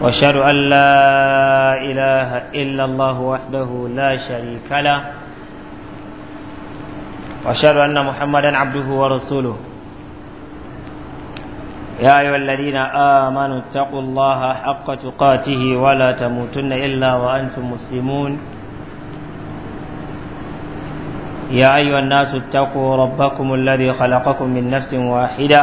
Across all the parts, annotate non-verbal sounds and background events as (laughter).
واشهد ان لا اله الا الله وحده لا شريك له واشهد ان محمدا عبده ورسوله يا ايها الذين امنوا اتقوا الله حق تقاته ولا تموتن الا وانتم مسلمون يا ايها الناس اتقوا ربكم الذي خلقكم من نفس واحده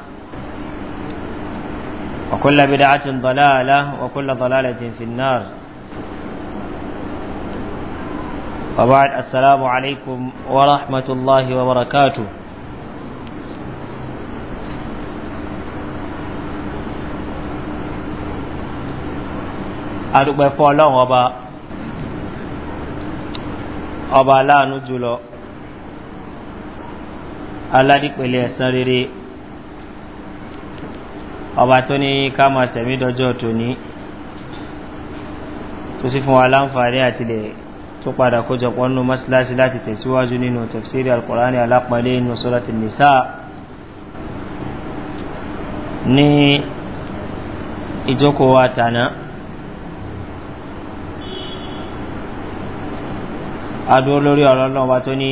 وكل بدعة ضلالة وكل ضلالة في النار وبعد السلام عليكم ورحمة الله وبركاته adúgbẹ́ fún ọlọ́run ọba ọba aláàánú jùlọ aládìpẹ̀lẹ̀ ọba tó ní ká máa sẹ̀mí dọ́jọ́ tó ní tó sì fún wa láǹfààní àtìlẹ̀ tó padà kójọ pọ́nú mọ́síláṣí láti tẹ̀síwájú nínú tafsiri alkùránì alápọ̀lẹ́ inú sọ́lọ́tì nìsá ní ìjókòó àtàná adúró lórí ọ̀rọ̀ náà wa tó ní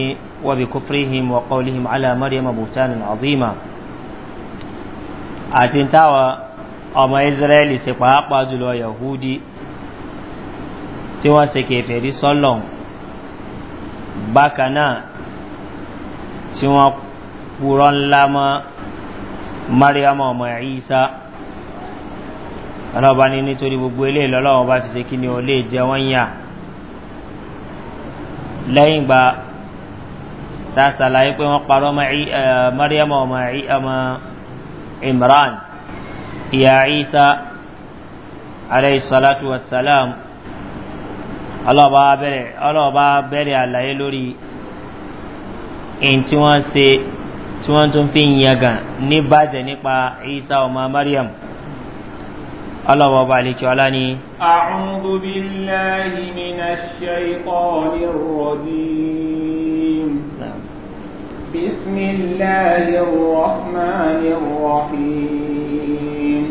wọ́bi kúfrihim wa qawlihim ala maryam abutan àti táwọn ọmọ Israeli ti pàápàá jùlọ yahudi tí wọ́n se kẹfẹ́rí sọ́lọ̀ bákan náà tí wọ́n kúrọ́ ńlá mọ́ mariam ọmọ isa ọlọ́ba ní nítorí gbogbo ilé lọ́lọ́wọ́ bá fi se kí ni ó lè jẹ wọ́n yà lẹ́yìn gba tá pé wọ́n parọ́ mariam ọmọ عمران يا عيسى عليه الصلاة والسلام الله بابري الله بابري على يلوري إن تيوان سي تيوان تنفين يغان نباجة نقبا عيسى وما مريم الله بابا عليك ولاني أعوذ بالله من الشيطان الرجيم بسم الله الرحمن الرحيم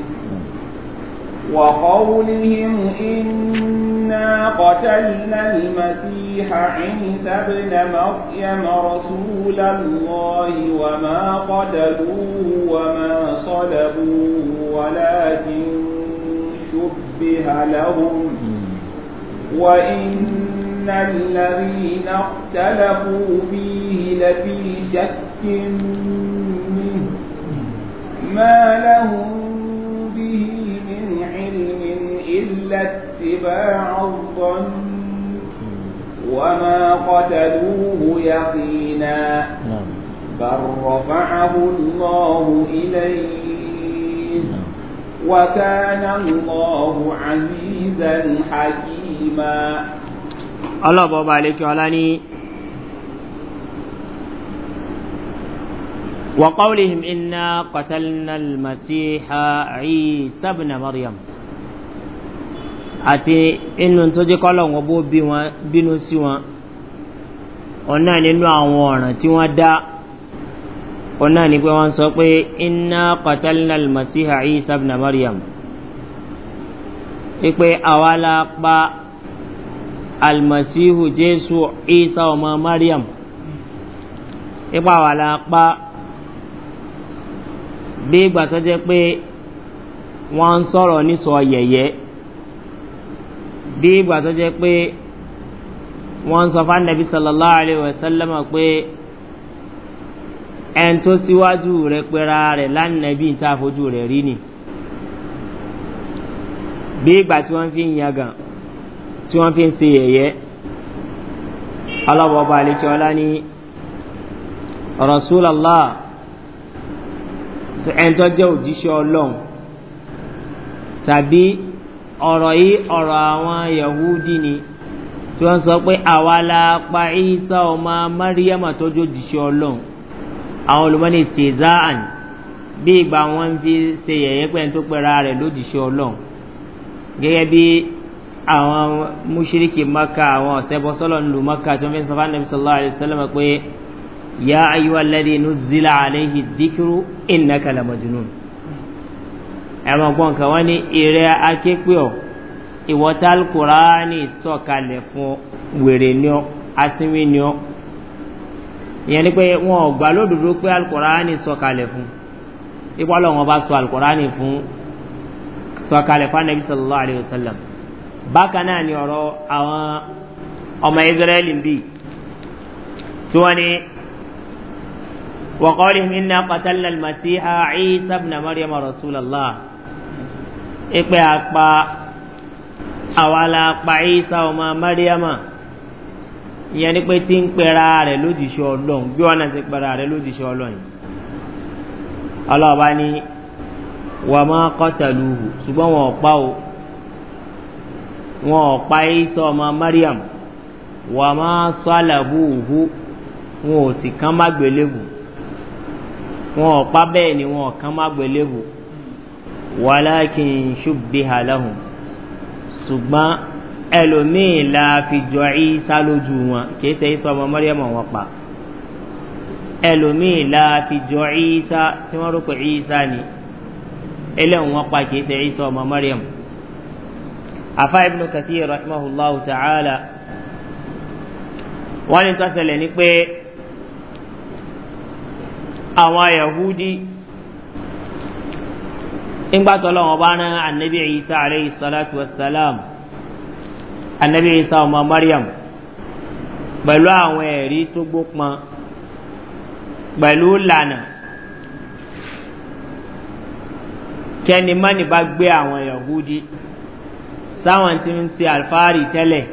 وقولهم إنا قتلنا المسيح عيسى ابن مريم رسول الله وما قتلوه وما صلبوه ولكن شبه لهم وإن إن الذين اختلفوا فيه لفي شك منه ما لهم به من علم إلا اتباع الظن وما قتلوه يقينا بل رفعه الله إليه وكان الله عزيزا حكيما ọlọ́bọ̀ ọba عليك ọlá وقولهم إنا قتلنا المسيح عيسى بن مريم àti inú tó jẹ́ kọ́lọ̀wọ́ bó bínú sí wọn ọ̀nà nínú àwọn ọ̀ràn tí wọ́n dá ọ̀nà ní pé wọ́n sọ pé iná kọtẹ́línà almasiha isa ibn maryam wípé àwa la pa almasihu jésù isa ọmọ mariam ipa wà lápá bí ìgbà tó jẹ́ pé wọ́n ń sọ̀rọ̀ nísọ yẹ̀yẹ́ bí ìgbà tó jẹ́ pé wọ́n ń sọ fún anabi sallallahu alayhi wa sallam pé ẹn tó síwájú rẹ̀ pera rẹ̀ lánàbí ń ta fojú rẹ̀ rí ni bí ìgbà tí wọ́n fi ń yangàn tí wọ́n fi ń se yẹ̀yẹ́ alábọ̀ọ́bà àlekíọ́lá ní rasulallá ẹ̀ńtọ́ jẹ́ òjíṣẹ́ ọlọ́run tàbí ọ̀rọ̀ yìí ọ̀rọ̀ àwọn yahudi ni tí wọ́n sọ pé àwa la pa isa ọmọ mariama tọ́jú òjíṣẹ́ ọlọ́run àwọn olùmọ́ni tezaan bí ìgbà wọn fi ṣe yẹ̀yẹ́ pẹ̀lú pẹ̀ra rẹ̀ lójíṣẹ́ ọlọ́run gẹ́gẹ́ bí àwọn mushiriki maka àwọn ọ̀sẹ̀bọ sọ́lọ̀ ńlù maka tí wọ́n fi ń sọ fún anabi sallallahu alayhi wa sallam pé ya ayu alade nu zila alayhi dikiru inna kala majnun ẹ̀rọ gbọ́n kan wọ́n ní ìrẹ́ akékpé ọ̀ ìwọ́ta kuraani sọ̀kalẹ̀ fún wèrè ni ọ́ asínwé ni ọ́ ìyẹn ni pé wọn ò lódodo pé alukuraani sọ̀kalẹ̀ fún ipò ọlọ́wọ́n bá sọ alukuraani fún sọ̀kalẹ̀ fún anabi sallallahu alayhi wa bákan náà ni ọ̀rọ̀ àwọn ọmọ israẹli ń bì tí wọ́n ní wọ́kọ́lì mi ná pàtàlá màsí ha ìsá bìnnà mariam rasulallá ìpè àpá àwa la pa ìsá ọmọ mariam ìyẹn ni pé tí ń pera rẹ̀ lójìṣẹ́ ọlọ́run bí wọ́n náà ti pera rẹ̀ lójìṣẹ́ ọlọ́run ọlọ́ọ̀bá ni wàá má kọ́tàlú ṣùgbọ́n wọn ò pa o wọn ò pa ìsọ ọmọ mariam wà máa sálàbù òhú wọn ò sì kán má gbélébù wọn ò pa bẹ́ẹ̀ ni wọn ò kán má gbélébù wà láàkín ṣùgbé aláhùn ṣùgbọ́n ẹlòmíì la fi jọ ìsá lójú wọn kìí ṣe ìsọ ọmọ mariam wọn pa ẹlòmíì la fi jọ ìsá tí wọ́n rò ìsá ni ẹlẹ́wọ̀n wọn pa kìí ṣe ìsọ ọmọ mariam afa ibnu kathir rahimahullah ta'ala wọ́n ní tọ́sẹ̀lẹ̀ ni pé àwọn yahudi ìgbàtọ̀lọ́ wọn bá rán annabi isa alayhi salatu wassalam annabi isa ọmọ maryam pẹ̀lú àwọn ẹ̀rí tó gbópọn pẹ̀lú lànà kẹ́ni mọ́ni bá gbé àwọn yahudi sáwọn tí ń ṣe àlùfáàrí tẹ́lẹ̀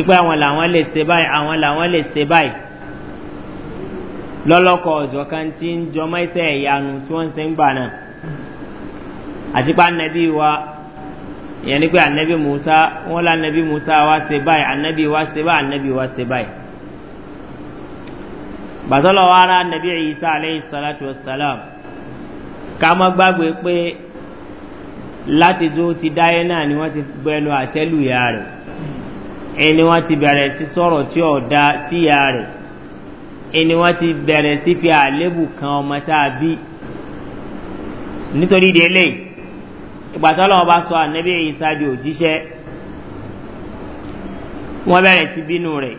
ipe àwọn làwọn lè ṣe báyìí àwọn làwọn lè ṣe báyìí lọ́lọ́kọ̀ ọ̀jọ̀ kan tí ń jọmọ́ iṣẹ́ ìyanu tí wọ́n ṣe ń gbà náà àti pé anabi wa ìyẹn ni pé anabi musa wọn lé anabi musa wa ṣe báyìí anabi wa ṣe báyìí anabi wa ṣe báyìí bàtọ́lọ̀ wa ara anabi isa aleyhi salatu wa salam ká má gbàgbé pé láti tó ti dáyé náà ni wọ́n ti gbẹnu àtẹ́lù ìyá rẹ̀ ẹni wọ́n ti bẹ̀rẹ̀ sí sọ̀rọ̀ tí ò da sí ìyá rẹ̀ ẹni wọ́n ti bẹ̀rẹ̀ sí fi àlébù kan ọmọ tá a bí nítorí délé ìgbà tó lọ́wọ́ bá sọ ànábì ìsá di òjíṣẹ́ wọ́n bẹ̀rẹ̀ sí bínú rẹ̀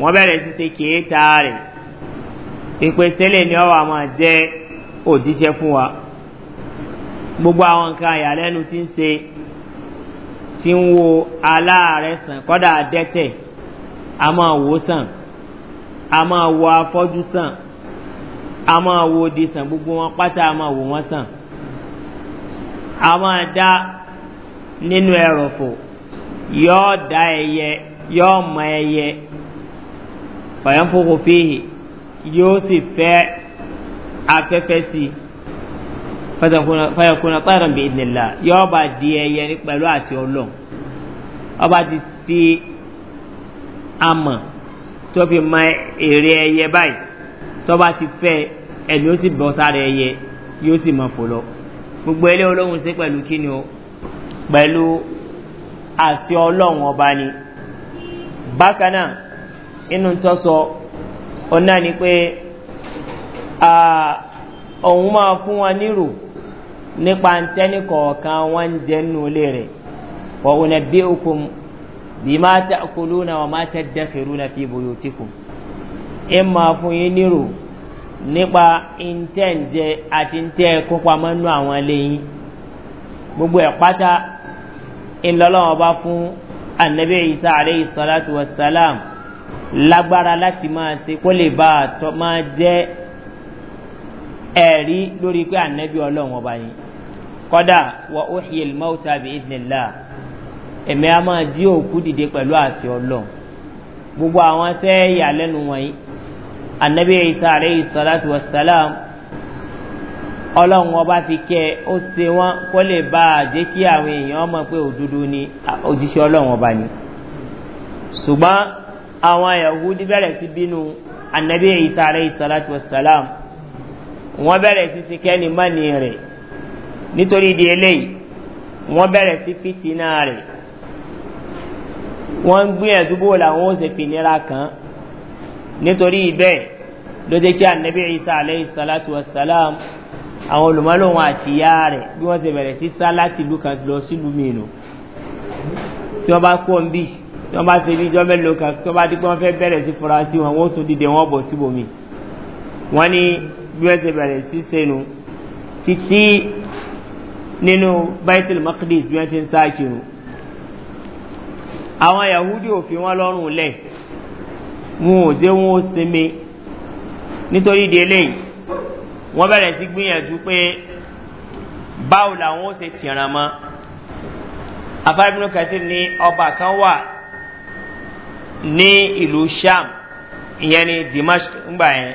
wọ́n bẹ̀rẹ̀ sí ṣe kéé ta rẹ̀ ìpèsè lè ní ọ̀wà máa jẹ́ òjíṣẹ́ fún wa gbogbo àwọn nǹkan àyàlẹ́nu ti ń se tí ń wo aláàrẹ sàn kọ́dà dẹ́tẹ̀ a máa wò sàn a máa wo afọ́jú sàn a máa wo di sàn gbogbo wọn pátá a máa wò wọ́n sàn a máa dá nínú ẹrọ̀fọ̀ yọ́ọ́ da ẹyẹ yọ́ọ́ mọ ẹyẹ fàyànfòkò fèhì yóò sì fẹ́ afẹ́fẹ́ sí i fẹ́yọkùnà pẹ́ràn bí ìdìlá yọ bá di ẹyẹ ní pẹ̀lú àṣẹ ọlọ́run ọba ti fi amọ̀ tó fi mọ èrè ẹyẹ báyìí tó bá ti fẹ́ ẹni ó sì bọ́ sára ẹyẹ yóò sì mọ̀ fò gbogbo ilé olóhùn sí pẹ̀lú kíni o pẹ̀lú àṣẹ ọlọ́run ọba ni bákan náà inú tó sọ ọ̀nà ni pé òun máa fún wa nírò nípa ntẹ́ni kọ̀ọ̀kan wọ́n ń jẹ́ nù lé rẹ̀ wọ́n ò nà bí okùn bí má ta kulú na wọ́n má ta dẹ́kẹ̀rú na fi bòyò tìkù. ẹ máa fún yín nírò nípa ntẹ́ǹjẹ àti ntẹ́ kópamọ́ nù àwọn lẹ́yìn gbogbo ẹ̀ pátá ńlọ́lọ́wọ́n bá fún anabi isa aleyhi salatu wa salam lagbara láti máa ṣe kó lè bá a tọ́ máa jẹ́ ẹ̀rí lórí pé anabi ọlọ́wọ́n bá yín kọ́dà wà ó hìí mọ́ta bí ìdínlá ẹ̀mí a máa jí òkú dìde pẹ̀lú àṣẹ ọlọ́run gbogbo àwọn tẹ́ ìyàlẹ́nu wọ̀nyí anabi isa aleyhi salatu wa salam ọlọ́run ọba fi kẹ́ ó se wọn kó lè bá a jẹ́ kí àwọn èèyàn mọ̀ pé òdodo ni òjíṣẹ́ ọlọ́run ọba ni ṣùgbọ́n àwọn yahudi bẹ̀rẹ̀ sí bínú anabi isa aleyhi salatu wa wọ́n bẹ̀rẹ̀ sí ti kẹ́ni mọ́ni rẹ̀ nítorí di eléyìí wọ́n bẹ̀rẹ̀ sí fìtínà rẹ̀ wọ́n ń gbìyànjú bó làwọn ó ṣe fìnira kan nítorí bẹ́ẹ̀ ló jẹ́ kí anabi isa aleyhi salatu wa salam àwọn olùmọ́lòwọ̀n àti ìyá rẹ̀ bí wọ́n ṣe bẹ̀rẹ̀ sí sá láti ìlú kan lọ sílùú mìíràn tí wọ́n bá kó ń bì tí wọ́n bá ṣe bí jọ́ mẹ́lòó kan tí wọ́n bá dípẹ́ wọ́n fẹ́ bẹ̀rẹ̀ sí fura sí wọn wọ́n tún dìde wọ́n bọ̀ síbòmí wọ́n ní bí wọ́n ṣe bẹ̀rẹ̀ sí sẹ́nu títí nínú baitul makdis bí wọ́n ti ń sáàkì àwọn yahudi ò fi wọ́n lọ́rùn lẹ̀ wọn ò dé wọn ó sinmi nítorí délé wọ́n bẹ̀rẹ̀ sí gbìyànjú pé báwo làwọn ó ṣe tìràn mọ́ afárẹ́bínú kẹsìrì ní ọba kan wà ní ìlú sham ìyẹn ní dimash ńgbà yẹn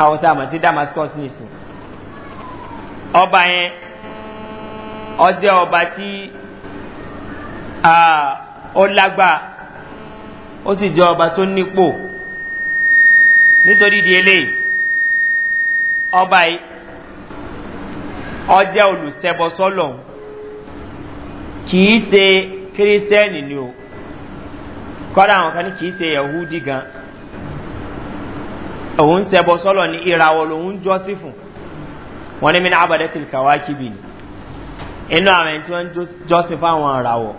àwọn tá a mọ̀ sí damascus nìsín ọba yẹn ọjẹ́ ọba tí ó lágbà ó sì jẹ́ ọba tó nípò nítorí di eléyìí ọba yìí ọjẹ́ olùsẹ́bọsọ́lọ̀ kìí ṣe kírísítẹ́nì ni o kọ́dà àwọn kan ní kìí ṣe yahudi gan òun ṣẹbọsọ́lọ̀ ní ìràwọ̀ lòun jọ́sí fún wọn ní mi ní abàdẹ́tìlì kàwákìbì ni inú àwọn ẹni tí wọ́n jọ́sìn fáwọn ìràwọ̀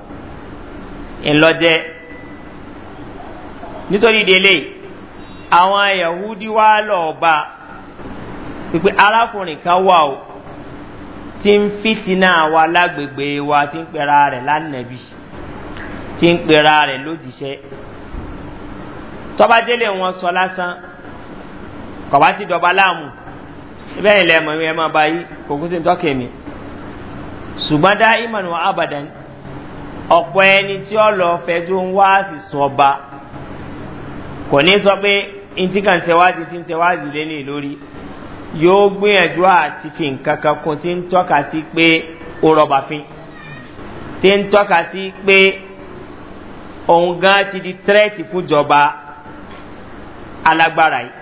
ńlọ́jẹ́ nítorí délé àwọn yahudi wá lọ́ọ̀ba pípé arákùnrin kan wà ó tí ń fìtínà wa lágbègbè wa tí ń pera rẹ̀ lánàbí tí ń pera rẹ̀ lójíṣẹ́ tọ́bajẹ́lẹ̀ wọn sọ lásán kọ̀bá ti dọ̀ba láàmú bẹ́ẹ̀ lẹ́mọ̀ ẹ máa bá yí kò sí ní tọ́kẹ́ mi. ṣùgbọ́n dáìmọ̀nù abadan ọ̀pọ̀ ẹni tí ọ lọ fẹjú ń wá sí sun ọba kò ní sọ pé ntí kan tẹ̀wájú tí ń tẹ̀wájú lélẹ̀ lórí yóò gbìyànjú àti fi nǹkan kan kun tí ń tọ́ka sí pé ó rọba fín tí ń tọ́ka sí pé òun gan ti di tírẹ́ẹ̀tì fúnjọba alágbára yìí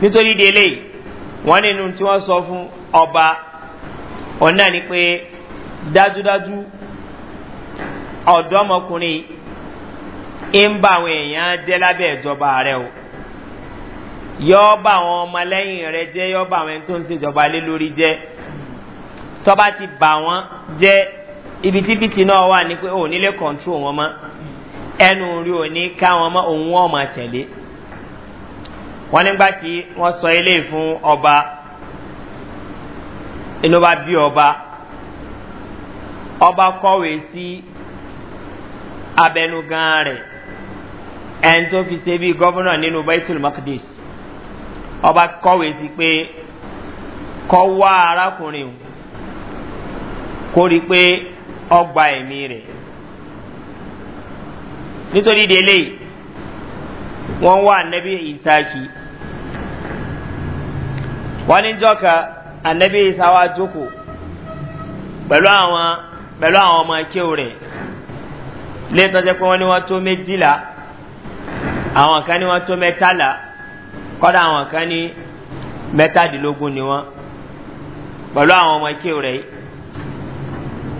nítorí délé wọ́n nínú tí wọ́n sọ fún ọba. Ona náà ni pé dájúdájú ọ̀dọ́mọkùnrin ń bá àwọn èèyàn jẹ́ lábẹ́ ìjọba rẹ o yọ bá àwọn ọmọlẹ́yìn rẹ jẹ́ yọ bá àwọn ẹni tó ń ṣèjọba lé lórí jẹ́ tọ́ba ti bà wọ́n jẹ́ ibi tí fìtì náà wà ní pé òun nílé kọ̀ǹtró wọn mọ́ ẹnu rí òní káwọn mọ́ òun wọ́n mọ̀ tẹ̀lé wọ́n nígbà tí wọ́n sọ ilé fún ọba inú bá bí ọba ọba kọ̀wé sí abẹnugan rẹ̀ ẹni tó fi ṣe bí gọ́vùnà nínú baitul makdis ọba kọ̀wé sí pé kọ́ wá arákùnrin kó rí pé ọgbà ẹ̀mí rẹ̀ nítorí délé wọ́n wá nẹ́bí ìsáàkì wọ́n ní jọ́ka anabi isa wa joko pẹ̀lú àwọn pẹ̀lú àwọn ọmọ akéwò rẹ̀ léetọ́ jẹ́ pé wọ́n ní wọ́n tó méjìlá àwọn kan ní wọ́n tó mẹ́tàlá kọ́dà àwọn kan ní mẹ́tàdínlógún ni wọ́n pẹ̀lú àwọn ọmọ akéwò rẹ̀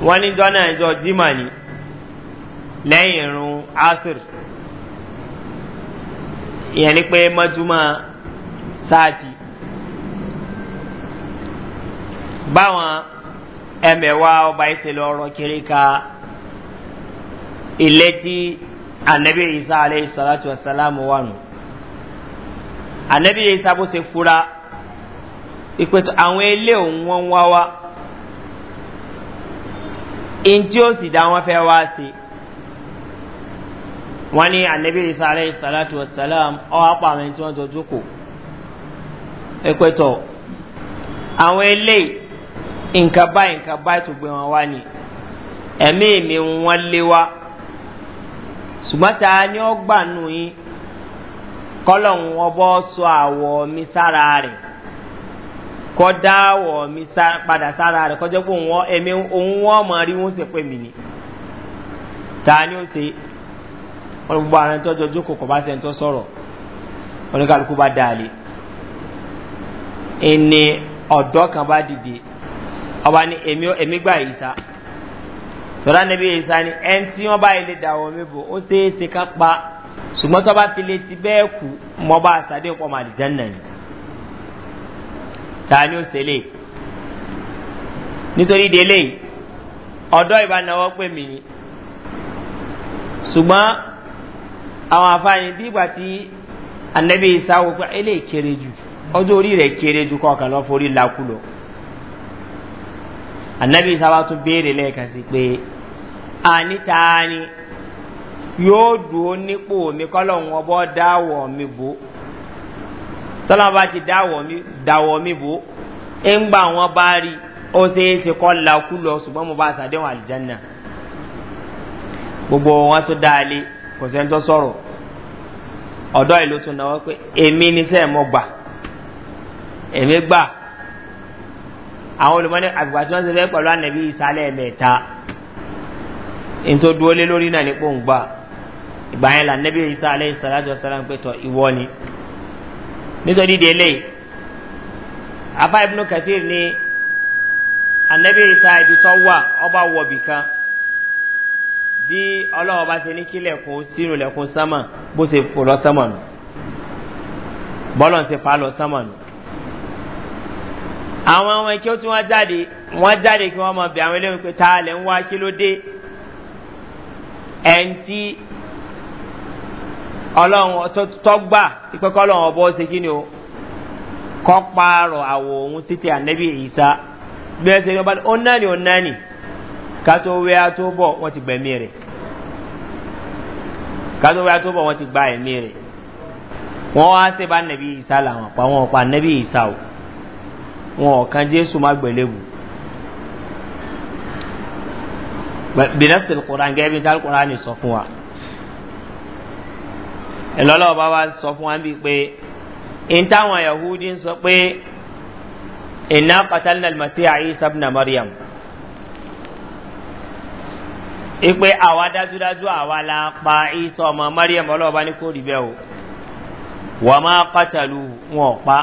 wọ́n ní jọ́nà ìjọ jimá ni lẹ́yìn irun asir ìyẹn ni pé mọ́júmọ́ sáàtì báwọn ẹmẹ̀wá ọba ìṣẹ̀lẹ̀ ọ̀rọ̀ kiri ka ilé tí anabi isa aleyhi salatu wa salam wà nù anabi isa bó ṣe fura ìpètò àwọn ilé òun wọn wá wá ntí ó sì dá wọn fẹ́ wá sí wọn ní anabi isa aleyhi salatu wa salam ọ̀ apá àwọn ẹni tí wọ́n jọ jókòó ìpètò àwọn eléyìí nǹkan báyìí nǹkan báyìí tó gbé wọn ni ẹ̀mí mi wọ́n lé wa ṣùgbọ́n ta ni ó gbà nù yín kọ́lọ̀ ń wọ́bọ́ sọ àwọ̀ mi sára rẹ̀ kọ́ dá àwọ̀ mi padà sára rẹ̀ kọjá pé òun ẹ̀mí òun wọ́n mọ̀ rí wọ́n sì pè mí ni ta ni ó ṣe wọ́n gbogbo àwọn ẹni tó jọjú kò kò bá ṣe ẹni tó sọ̀rọ̀ oníkàlùkù bá dà lé ẹni kan bá dìde ọba ni èmi èmi gbà yìí sá tọ́lá níbi yìí ni ẹni tí wọ́n bá ilé dà wọ́n mi bò ó ṣeé ṣe ká pa ṣùgbọ́n tọ́ba ti lè ti bẹ́ẹ̀ kú mọ́ bá sàdé pọ̀ màdì jẹ́nà ni ta ni ó ṣẹlẹ̀ nítorí délé ọ̀dọ́ ìbánáwọ́ pè mí ni ṣùgbọ́n àwọn àfààní bí ìgbà tí anabi ìsáwó pé eléyìí kéré jù ọjọ́ orí rẹ̀ kéré jù kọ̀ọ̀kan lọ́ forí lakú lọ anabi sábà tún béèrè lẹ́ẹ̀kan sí pé àní taani yóò dúró nípò mi kọ́lọ́hún ọbọ̀ dáwọ̀ mi bò tọ́lọ́ba ti dáwọ̀ mi bò ńgbà wọn bá rí ó ṣeéṣe kọ́ la kú lọ ṣùgbọ́n mo bá ṣàdéhùn àlìjánná gbogbo wọn tún dáa lé kò sẹ́ni tó sọ̀rọ̀ ọ̀dọ́ ìlú tún náà pé èmi ni sẹ́ẹ̀ mọ́ gbà èmi gbà àwọn olùmọ́ni àgbà tí wọ́n ti fẹ́ pẹ̀lú ànàbí ìsàlẹ̀ mẹ́ta nítorí dúró lé lórí náà ní pò ń gbà ìgbà yẹn lànàbí ìsàlẹ̀ ìsàlẹ̀ ìsàlẹ̀ pẹ̀tọ̀ ìwọ ni nítorí délé afa ibnu kathir ni ànàbí ìsà ibi tó wà ọba wọ̀ bìkan bí ọlọ́wọ́ bá ṣe ní kílẹ̀kùn sínú ilẹ̀kùn sámà bó ṣe fò lọ sámà nù bọ́lọ̀ ń ṣe fà lọ sámà nù àwọn ọmọ ìkí ó tí wọ́n jáde wọ́n jáde kí wọ́n mọ̀ bí àwọn eléyìí pé ta lẹ̀ ń wá kí ló dé ẹ̀ǹ tí ọlọ́run tọ́gbà ìpẹ́kọ́ ọlọ́run ọbọ̀ ṣe kí ni o kọ́ paarọ̀ àwọ̀ òun títí ànẹ́bí ìyíṣà bí ẹ ṣe ní ọba ní ọ̀nàní ọ̀nàní ká tó wẹ́ á tó ti gbẹ̀mí rẹ̀ ká tó wẹ́ á tó ti gba ẹ̀mí rẹ̀ wọ́n wá ṣe bá ànẹ́bí ìyíṣà làwọn pa wọn pa ànẹ́bí ìyíṣà o wọn ọ̀kan jésù má gbẹ̀lẹ́bù bìnẹ́sì kùrán gẹ́gẹ́ bí táwọn kùrán ni sọ fún wa ìlọ́lọ́ ọba wa sọ fún wa bí pé in táwọn yahudi ń sọ pé iná kọtàlínà almasi ayi sabna maryam ipe àwa dájúdájú àwa la pa isa ọmọ maryam ọlọ́ọ̀bá ní kò rí bẹ́ẹ̀ o wọ́n máa kọtàlú wọn pa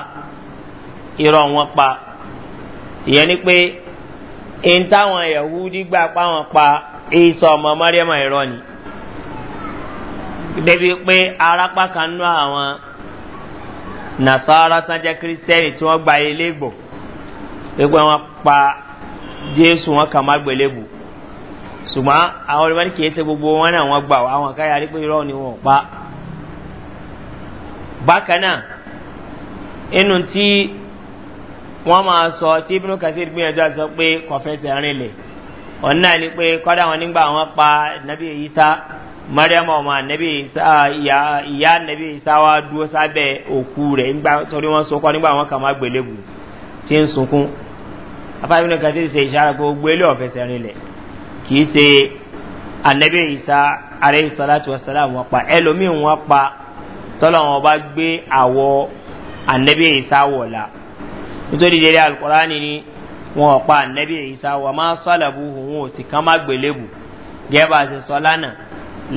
irọ́ wọn pa ìyẹn ni pé n táwọn yahudi gbà pa wọn pa ìsọ ọmọ mariama irọ́ ni débi pé arápá kan nú àwọn nasara tán jẹ́ kírísítẹ́nì tí wọ́n gba ilé gbò gbogbo wọn pa jésù wọn kà má gbélébù ṣùgbọ́n àwọn olùwárí kìí ṣe gbogbo wọn náà wọ́n gbà àwọn káyà rí pé irọ́ ni wọ́n pa bákan náà inú tí wọ́n máa sọ tí ibùdó kathir gbìyànjú àti sọ pé kọfẹ́sẹ̀ rinlẹ̀ ọ̀n náà ni pé kọ́dà wọn nígbà wọn pa nabi isa mariam ọmọ nabi isa ìyá nabi isa wa dúró sábẹ́ òkú rẹ̀ nígbà torí wọn sọkọ nígbà wọn kà má gbélébù tí ń sunkún afáàbí ibùdó kathir ṣe ìṣàrà pé gbogbo ilé ọ̀fẹ́sẹ̀ rinlẹ̀ kì í ṣe anabi isa aleyhi salatu wa salam wọn pa ẹlòmíì wọn pa tọ́lọ́ wọn bá gbé àwọ̀ anabi isa wọ̀ nítorí délé alukurani ni wọn ò pa anabi ìsá wà má sọlẹ̀bù òun ò sì kán má gbélébù gẹ́bà sì sọ lánàá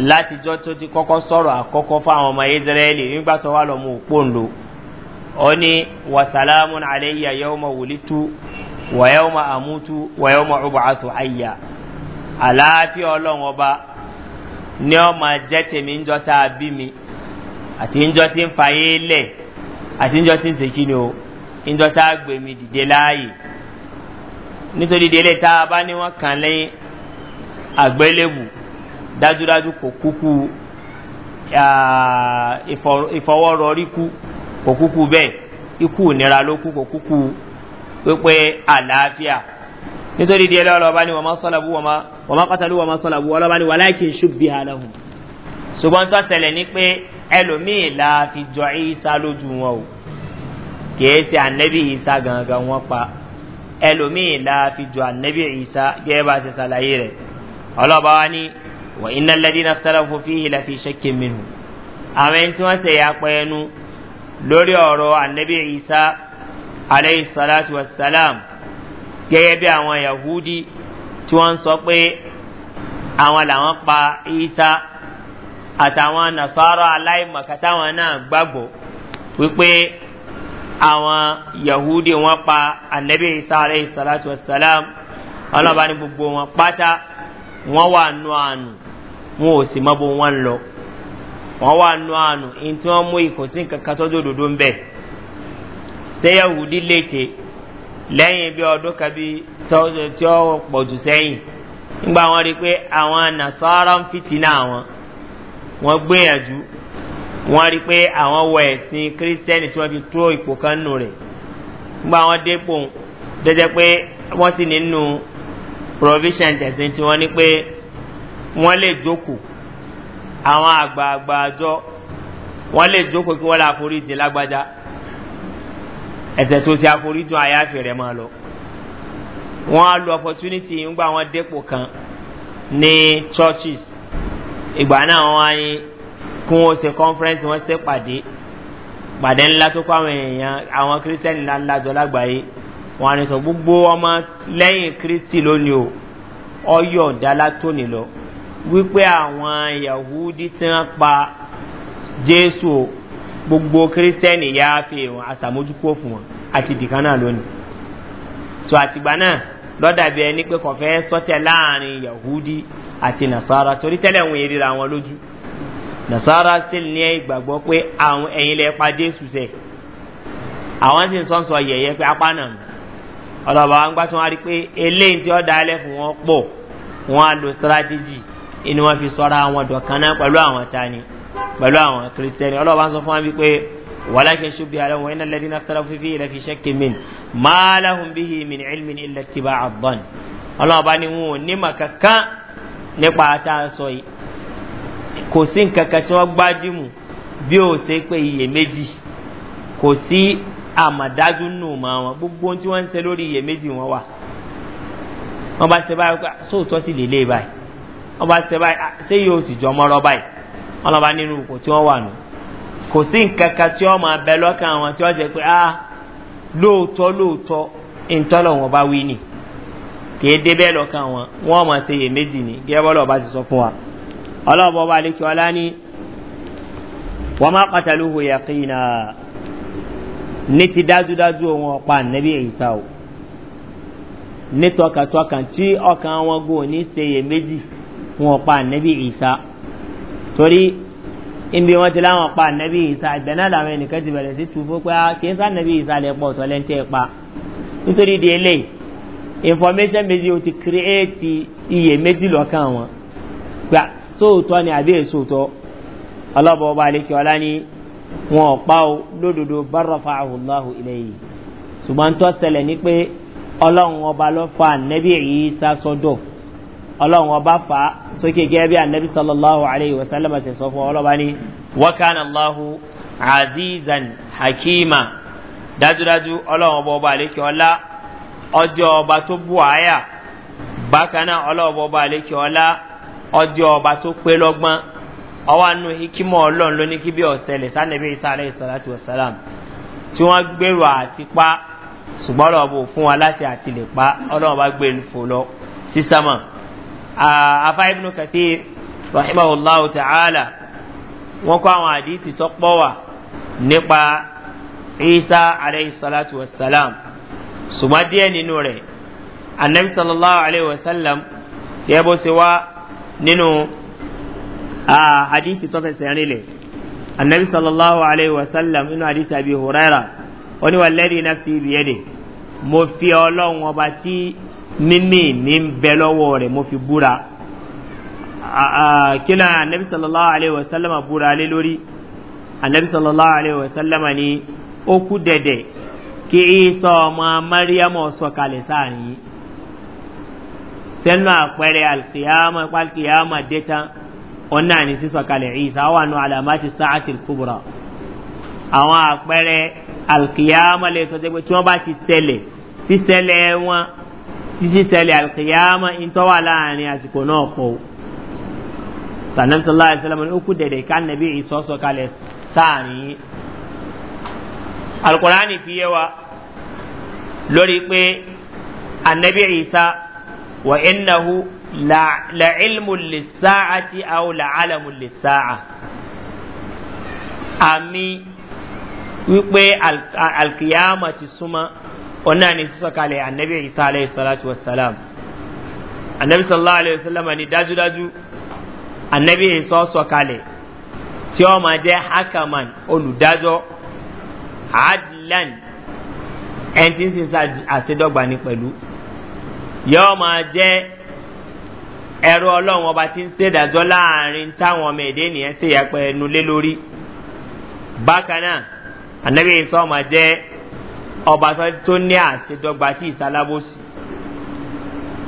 látijọ́ tó ti kọ́kọ́ sọ̀rọ̀ àkọ́kọ́ fáwọn ọmọ israẹli nígbà tó wà lọ́mọ òpóǹdó ó ní wasalamu alayhi yawma wulitu wa yawma amutu wa ọmọ jẹ́ tèmi ń jọ tá bí mi àti ń jọ tí ń fàyè lẹ̀ àti ń jọ tí ń sèkí ni o njọta gbèmí dìde láàyè nítorí délé tá a bá ní wọn kàn lé àgbélébù dájúdájú kò kúkú ìfọwọ́rọrí kú kò kúkú bẹ́ẹ̀ ikú nira ló kú kò kúkú pípé àlàáfíà nítorí délé ọlọ́ba ni wọ́n máa sọ́làbù wọ́n máa kọ́tàlú wọ́n máa sọ́làbù ọlọ́ba ni wọ́n láìkí ṣùgbì àlọ́hùn ṣùgbọ́n tó ní pé ẹlòmíì la fi jọ ìsá lójú wọn o kìí ṣe ànẹ́bí ìsá gangan wọ́n pa ẹlòmíì láàfi ju ànẹ́bí ìsá gẹ́gẹ́ bá ṣe ṣàlàyé rẹ̀ ọlọ́ba wa ní wọ́n iná lẹ́dí náà sọ́lá fún fi ìlà fi ṣẹ́kì mìíràn àwọn ẹni tí wọ́n ṣe yàpẹ́ ẹnu lórí ọ̀rọ̀ ànẹ́bí ìsá aleyhi salatu wa salam gẹ́gẹ́ bí àwọn yahudi tí wọ́n sọ pé àwọn làwọn pa ìsá àtàwọn nasara aláìmọ̀kátàwọn náà gbàgbọ́ wípé àwọn yahudi wọn pa anabi isa alayhi salatu wasalam salam ní gbogbo wọn pata wọn wà nù àánú wọn ò sì mọ́bù wọn lọ wọn wà nù àánú ní tí wọn mú ìkòsí kankan tó dòdòdó ń bẹ̀ ṣé yahudi léke lẹ́yìn bí ọdún kabi tí ó pọ̀ jù sẹ́yìn nígbà wọn rí i pé àwọn nasara ń fìtínà wọn wọn gbìyànjú wọ́n rí pé àwọn wọ ẹ̀sìn kírísítẹ́nì tí wọ́n ti tó ipò kan nù rẹ̀ nígbà wọn dépò dẹ́jẹ́ pé wọ́n sì nínú provision tẹ̀sìn tí wọ́n ní pé wọ́n lè jókòó àwọn àgbààgbà àjọ wọ́n lè jókòó kí wọ́n lè àforíjì lágbájá ẹ̀sẹ̀ tó ṣe àforíjì àyàfẹ́ rẹ̀ máa lọ wọ́n á lo opportunity nígbà wọn dépò kan ní churches ìgbà náà wọ́n á yín kí wọ́n ṣe conference wọ́n ṣe pàdé pàdé ńlá tó kọ́ àwọn èèyàn àwọn kírísítẹ́nì ńlá ńlá jọ lágbàáyé wọn àni sọ gbogbo ọmọ lẹ́yìn kírísítì lónìí o ọyọ̀ ọ̀dálá tó nílọ wípé àwọn yahudi tí wọ́n pa jésù gbogbo kírísítẹ́nì yá fi wọn àṣàmójúkó fún wọn àti ìdìkan náà lónìí so àtìgbà náà lọ́dàbí ẹni pé kọ̀fẹ́ sọ́tẹ̀ láàrin yahudi àti nasara torí tẹ́lẹ̀ wọn èrè ra wọn lójú nasara still ní ìgbàgbọ́ pé àwọn ẹ̀yìn lẹ́ pa jésù sẹ́ àwọn sì ń sọ́nsọ́ yẹ̀yẹ́ pé apá náà ọlọ́ba wa ń gbá tí wọ́n rí pé eléyìí tí ó da ẹlẹ́ fún wọn pọ̀ wọ́n á lo strategy inú wọn fi sọ́ra àwọn dọ̀kan náà pẹ̀lú àwọn tani pẹ̀lú àwọn kristẹni ọlọ́ba ń sọ fún wa wípé wàlákin ṣubi aláwọ̀ iná lẹ́dí náà tẹ́lẹ̀ fífi ilẹ̀ fi ṣẹ́kì min máa láhùn bíhi min ilmin ilẹ̀ tìbà àbọ̀n ọlọ́ba ni wọn ò ní màkà kán nípa tá sọ yìí kò sí nǹkan kan tí wọ́n gbájúmù bí ó ṣe pé iyèméjì kò sí àmọ̀dájú nù mọ́ wọn gbogbo ohun tí wọ́n ń ṣe lórí iyèméjì wọn wà wọ́n bá ṣe báyìí pé sóòótọ́ sì lè lé e báyìí wọ́n bá ṣe báyìí ah, ṣé yóò sì jọ mọ́rọ́ báyìí wọ́n lọ́ba nínú ipò tí wọ́n wà nù kò sí nǹkan kan tí wọ́n máa bẹ lọ́kàn àwọn tí wọ́n jẹ pé ah lóòótọ́ lóòótọ́ ìtọ́lọ̀ wọn bá wí nì kì í débẹ̀ lọ́kàn wọn wọ́n máa ṣe iyèméjì ni gẹ́gẹ́ bọ́lọ̀ bá ti sọ fún wa ọlọ́ọ̀bọ̀ bá lè kí ọlá ní wọ́n má pàtàlúhù yàkínà ní ti dájúdájú ohun ọ̀pá nẹ́bí èyíṣà o ní tọkàtọkàn tí ọkàn wọn gò ní sèyẹ méjì wọn ọ̀pá nẹ́bí èyíṣà torí ibi wọn ti láwọn ọ̀pá nẹ́bí èyíṣà ìgbẹ́ náà làwọn ẹnìkan ti bẹ̀rẹ̀ sí tu fún kí n sá nẹ́bí èyíṣà lè pọ̀ sọ́lẹ́ ń pa nítorí di eléyìí information méjì o ti create iyè méjì lọ́kàn wọn sóòtọ́ ni àbí èsòòtọ́ ọlọ́bọ̀ọ́bá alékè ọlá ni wọn ò pa ó lódodo bárọ̀fà àhùláhù ilẹ̀ yìí ṣùgbọ́n tó ṣẹlẹ̀ ní pé ọlọ́run ọba ló fa ànẹ́bí yìí sá sọ́dọ̀ ọlọ́run ọba fa sókè gẹ́gẹ́ bí ànẹ́bí sallallahu alayhi wa sallam ṣe sọ fún ọlọ́ba ni wakana allahu azizan hakima dájúdájú ọlọ́run ọba ọba alékè ọlá ọjọ́ ọba tó bù áyà bákan náà ọlọ́run ọba alékè ọlá ọjọ́ ọba tó pé lọ́gbọ́n ọwọ́ anú hikimọ̀ ọlọ́run ló ní kí bí ọ̀sẹ̀lẹ̀ sánẹ́bí isa alayhi salatu wa salam, tí wọ́n gbèrò àti pa ṣùgbọ́n ọ̀rọ̀ bò fún wa láti àti lè pa ọlọ́run bá gbé fò lọ sí afa ibnu kàtí rahimahullahu ta'ala wọ́n kọ́ àwọn àdìtì tó pọ̀ nípa isa alayhi salatu wa salam, ṣùgbọ́n díẹ̀ nínú rẹ̀ anabi sallallahu alayhi wa sallam kí ẹ bó ṣe wá nínú hadithi tó fẹsẹ̀ rinlẹ̀ anabi sallallahu alayhi wa sallam nínú hadithi abi huraira wọ́n ní wà lẹ́rìí nafsi ibiyẹ́dẹ̀ mo fi ọlọ́run ọba tí mímì ní ń bẹ lọ́wọ́ rẹ̀ mo fi búra kila anabi sallallahu alayhi wa sallam búra lé lórí anabi sallallahu alayhi wa ni ó kú dẹ̀dẹ̀ kí isa ọmọ mariam ọ̀sọ̀kalẹ̀ sáà nìyí sẹ́nu àpẹẹrẹ alkiyama palkiyama dẹ́ta ọ̀nà ní sísọ̀kalẹ̀ ìsá wà nù alamati sáàtì kúbura àwọn àpẹẹrẹ alkiyama lè sọ́jẹ́ pé tí wọ́n bá ti tẹ̀lẹ̀ sísẹ̀lẹ̀ wọn sísẹ̀lẹ̀ alkiyama ìtọ́wà láàrin àsìkò náà kọ́ sànàm sọlá ìsẹlẹmọ ní ókú dẹ̀dẹ̀ ká nàbí ìsọ́sọ̀kalẹ̀ sáàrin alkùránì fi yẹ wa lórí pé annabi isa wa innahu la ilmun lisa'ati aw la alamun lisa'a ami wípé alkiyama ti súnmọ́ ọ̀nà ni sísọ kalẹ̀ annabi isa alayhi salatu wassalam annabi sallallahu alayhi wasallam ni dájúdájú annabi isa sọ kalẹ̀ tí ó ma jẹ́ hakaman olùdájọ́ adlan ẹni tí sin sa àṣedọ́gba ni pẹ̀lú yóò máa jẹ́ ẹ̀rọ ọlọ́run ọba tí ń ṣèdájọ́ láàrin táwọn ọmọ èdè nìyẹn ṣe yàpẹ̀ ẹnu lé lórí bákan náà ànábì ìsọ́ máa jẹ́ ọba tó ní àṣedọ́gba tí ìsalábòsì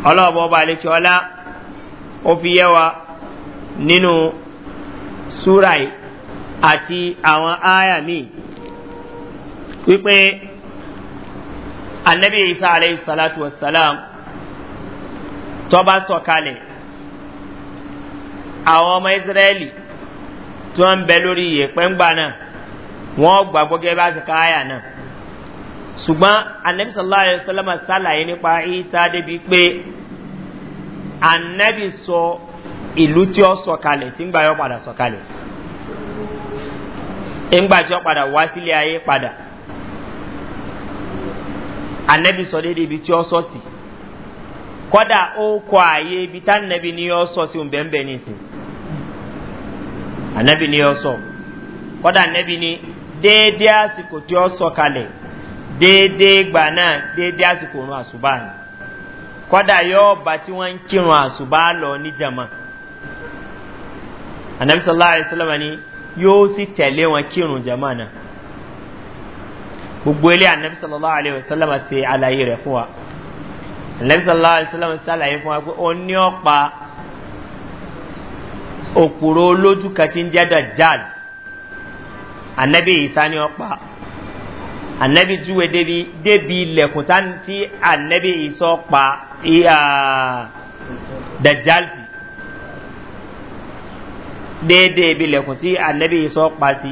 ọlọ́ọ̀bọ ọba àlekí ọlá ó fi yẹ wa nínú súra àti àwọn ááyà míì wípé ànábì ìsọ́ àlẹ́ ìsàlátù wàsálàmù tọ́ba sọ̀kalẹ̀ àwọn ọmọ israẹli tí wọ́n ń bẹ lórí ìyẹ̀pẹ̀ ńgbà náà wọ́n gbàgbọ́ gẹ́gẹ́ bá ṣe káyà náà ṣùgbọ́n anabi sallallahu alayhi wa sallam ṣàlàyé nípa isa débi pé anabi sọ ìlú tí ó sọ̀kalẹ̀ tí ńgbà yóò padà sọ̀kalẹ̀ ńgbà tí ó padà wá sílé ayé padà anabi sọ déédéé ibi tí ó sọ sí kọ́dà ó kọ́ àyè ibi tá nàbí ni yọ sọ sí òun bẹ́ẹ̀ ní ìsìn ànábì ni yọ sọ kọ́dà ànábì ni déédéé àsìkò tí ó sọ kalẹ̀ déédéé gbà náà déédéé àsìkò òun àṣùbà ni kọ́dà yọ ọba tí wọ́n ń kírun àṣùbà lọ níjàmá anabi sallallahu alayhi wa sallam ni yóò sì tẹ̀lé wọn kírun jama náà gbogbo ilé anabi sallallahu alayhi wa sallam ṣe àlàyé rẹ̀ fún wa nàbísàlá àìsílámù sàlàyé fún wa pé ó ní ọ̀pá òpòrò olójú kan ti ń jẹ́dà jáde ànábì ìsá ní ọ̀pá ànábì júwe débi débi ilẹ̀kùn tí ànábì ìsá ọ̀pá dàjálsì déédéé ibi ilẹ̀kùn tí ànábì ìsá ọ̀pá sí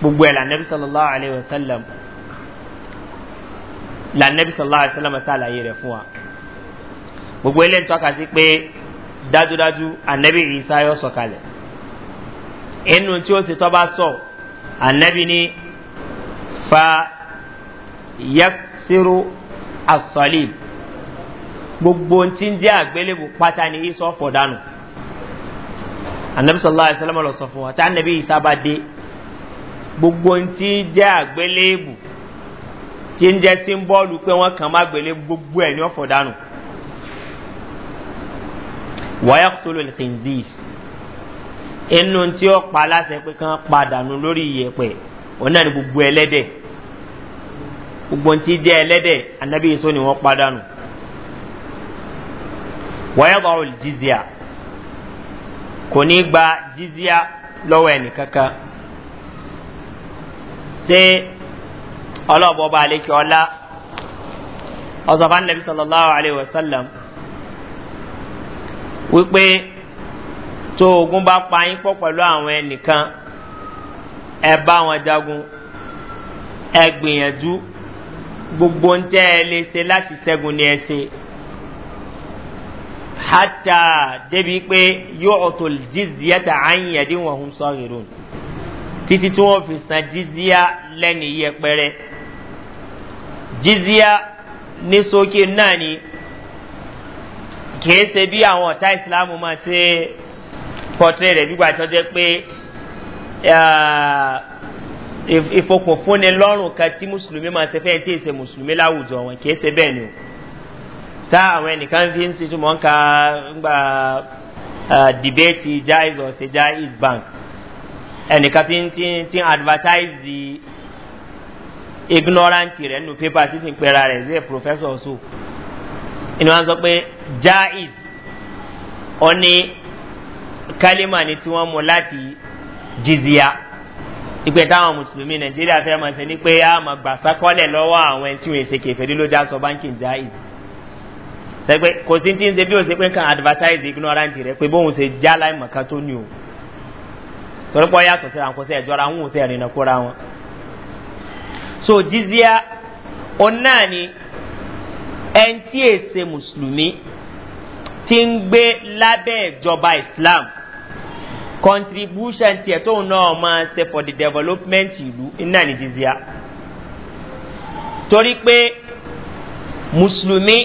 gbogbo ẹ̀ lànàbísàlá àìsílámù lànàbí sallallahu alayhi wa sallam ṣàlàyé rẹ̀ fún wa gbogbo eléyìí tọ́ka sí pé dájúdájú ànàbí ìsá yọ sọ̀kalẹ̀ inú tí ó sì tọ́ bá sọ ànàbí ni fa yaksiru asọ́lì gbogbo tí ń jẹ́ àgbélébù pátá ni ìsọ̀ fọ̀ dànù anabi sallallahu alayhi wa sallam lọ sọ fún wa tí anabi ìsá bá dé gbogbo tí ń jẹ́ àgbélébù tí ń jẹ́ sí ń bọ́ọ̀lù pé wọ́n kàn má gbélé gbogbo ẹ̀ ní ọ̀fọ̀ dànù. wọ́yà tó lò lè kìnzí inú tí ó pa aláṣẹ pé kán pa dànù lórí ìyẹ̀pẹ̀ ọ̀nà ní gbogbo ẹlẹ́dẹ̀ gbogbo tí jẹ́ ẹlẹ́dẹ̀ anábì èso ni wọ́n pa dànù. wọ́yà jizia kò ní gba jizia lọ́wọ́ ẹnì kankan. ṣé ọlọ́ọ̀bọ̀ ọba àlekè ọlá ọ̀sọ̀fà nàbí sallallahu alayhi wa sallam wípé tó ogun bá pa yín pọ̀ pẹ̀lú àwọn ẹnìkan ẹ bá wọn jagun ẹ gbìyànjú gbogbo ń tẹ́ ẹ lè ṣe láti ṣẹ́gun ni ẹ ṣe hata débi pé yóò ọ̀tọ̀ jíjíyà tà áyìn ẹ̀dínwó ọ̀hún sọ́ọ̀rì rò títí tí wọ́n fi san jíjíyà lẹ́ni yẹpẹrẹ jizia ní sókè náà ni kìí ṣe bí àwọn ọ̀tá ìsìláàmù máa ṣe pọ̀tẹ́ rẹ̀ gbígbà tó jẹ́ pé ìfokùnfúnni lọ́rùn kan tí mùsùlùmí máa ṣe fẹ́ẹ́ tí ì ṣe mùsùlùmí láwùjọ wọn kìí ṣe bẹ́ẹ̀ ni o tá àwọn ẹnìkan fi ń ṣiṣu mọ́ ń ka gba dìbẹ́tì jaiz ọ̀sẹ̀ jaiz bank ẹnìkan ti ń advertise ignorant rẹ̀ nínú pépà títí ń pera rẹ̀ sí professor so inú wọn sọ pé jaiz ọ ní ni tí wọ́n mú láti jizya ìpè táwọn mùsùlùmí nàìjíríà fẹ́ máa ṣe ni pé a máa gbà sákọ́lẹ̀ lọ́wọ́ àwọn ẹni tí wọ́n ṣe kẹfẹ́rí ló já sọ báńkì jaiz sẹgbẹ́ kò sí ti ń ṣe bí o ṣe pé kan advertise ignorant rẹ pé bóun ṣe já láì mọ̀ká tó ní o torí pé ọ yàtọ̀ sí àwọn kò sí ẹ̀jọ́ wọn ò sí ẹ̀rìnà kóra wọn so jizia onani ẹni tí è ṣe mùsùlùmí ti ń gbé lábẹ́ ìjọba islam contribution tiẹ̀ tóun náà máa ṣe for the development ìlú iná ní jizia torí pé mùsùlùmí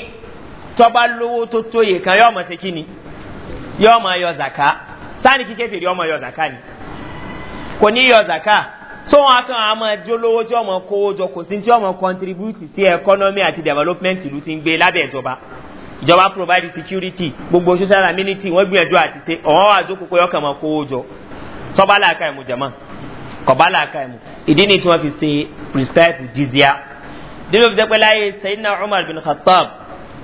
tọ́ba lówó tó tóye kan yóò mọ̀ ṣe kí ni yóò mọ̀ yọ zaka sáà kíkẹ́ fèrè yóò mọ̀ yọ zaka ni kò ní yọ zaka so wọn kàn án máa di olówó tí ọmọ kówó jọ kò sí tí ọmọ contribute sí economy àti development ìlú ti ń gbé lábẹ́ ìjọba ìjọba provide security gbogbo social amenity wọ́n gbìyànjú àti ṣe ọ̀hún àjókòó pé ọkàn máa kówó jọ sọ́ba làákà ìmú jẹ̀mọ́ kọ̀bá làákà ìmú ìdí ni tí wọ́n fi ṣe prescribe jizya dídò fi jẹ́ pé láyé sayidina umar bin khattab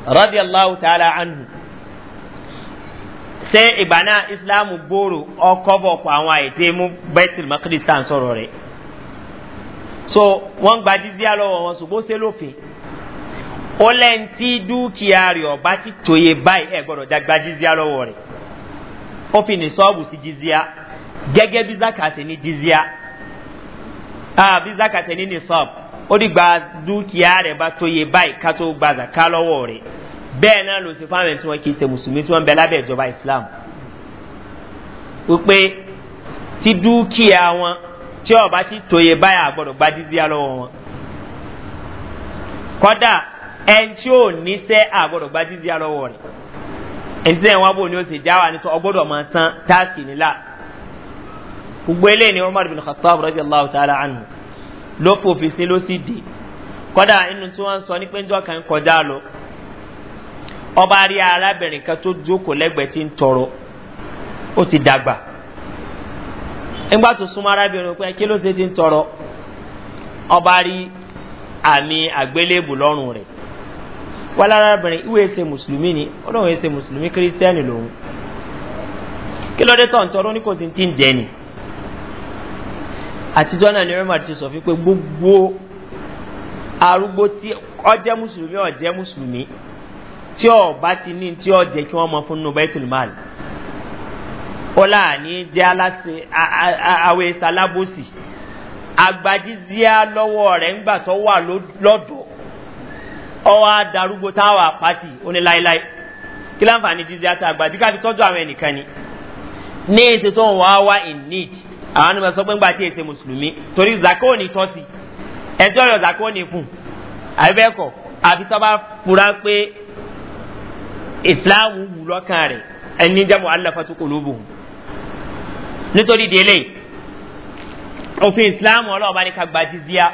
radiyallahu ta'ala anhu ṣé ìgbà náà islam gbòòrò ọkọ̀ bọ̀ pọ̀ àwọn àìtẹ́ mú bẹ́tìl makidistan sọ̀rọ̀ rẹ̀ so wọ́n gba dídíà lọ́wọ́ wọn ṣùgbọ́n ṣe lófin ó lẹ́yìn dúkìá rẹ̀ ọ̀bá ti tòye báyìí ẹ̀ gbọ́dọ̀ dàgbà dídíà lọ́wọ́ rẹ̀ ó fi ní sọ́ọ̀bù sí dídíà gẹ́gẹ́ bí zakate ní dídíà ah bí zakate ní ní sọ́ọ̀bù ó di gba dúkìá rẹ̀ bá tòye báyìí ká tó gba zaka lọ́wọ́ rẹ̀ bẹ́ẹ̀ náà ló ṣe fáwọn tí wọ́n kì í ṣe mùsùlùmí tí wọ́n bẹ lábẹ́ ìjọba islam wípé tí dúkìá wọn tí ọba ti tòye báyà gbọdọ̀ gba dídíá lọ́wọ́ wọn kọ́dà ẹni tí ò níṣẹ́ àgbọdọ̀ gba dídíá lọ́wọ́ rẹ̀ ẹni tí wọn bò ní o sì já nítorí ọgbọdọ̀ máa san táàkì nílà gbogbo eléyìí ni umar bin khattab rabi allah ta'ala anu ló fòfin sí ló sì dì kọ́dà inú tí wọ́n ń sọ ní pé njọ́ kan kọjá lọ ọba rí arábìnrin kan tó jókòó lẹ́gbẹ̀ẹ́ tí ń tọrọ ó ti dàgbà nígbà tó súnmọ́ arábìnrin pé kí ló ṣe ti ń tọrọ ọba rí àmì àgbélébù lọ́rùn rẹ̀ wà lárábìnrin ìwé ṣe mùsùlùmí ni ọlọ́run ṣe mùsùlùmí kírísítẹ́nì lòun kí lọ́dẹ́ tó ń tọrọ ní kò sí ti ń jẹ ni àtijọ́ náà ni rẹ́mà ti sọ fún pé gbogbo arúgbó tí ọjẹ́ mùsùlùmí ọjẹ́ mùsùlùmí tí ọba ti ní tí ọjẹ́ kí wọ́n mọ fún nù bẹ́tùlmáàlì ọlá àní jẹ́ aláṣẹ àwẹ̀ sálábòsì agbadizia lọ́wọ́ rẹ̀ ńgbà tó wà lọ́dọ̀ ọwọ́ adarúgbó táwà pàtì oníláíláí kí láǹfààní jizia tá àgbà káfí tọ́jú àwọn ẹnìkan ni ní ètò tó ń wá wá in need àwọn ànàmọ̀ sọ pé ńgbà tí ètò mùsùlùmí torí zakoni tọ́sí ẹjọ́ yọ zakoni fún àbẹ́kọ̀ àbí tọ́ bá fura pé islam wù lọ́kàn rẹ̀ ẹni jẹ́ mọ́ aláfatúkọ̀ lóbùn nítorí délé òfin islam ọlọ́ọ̀bá ní ká gba jizia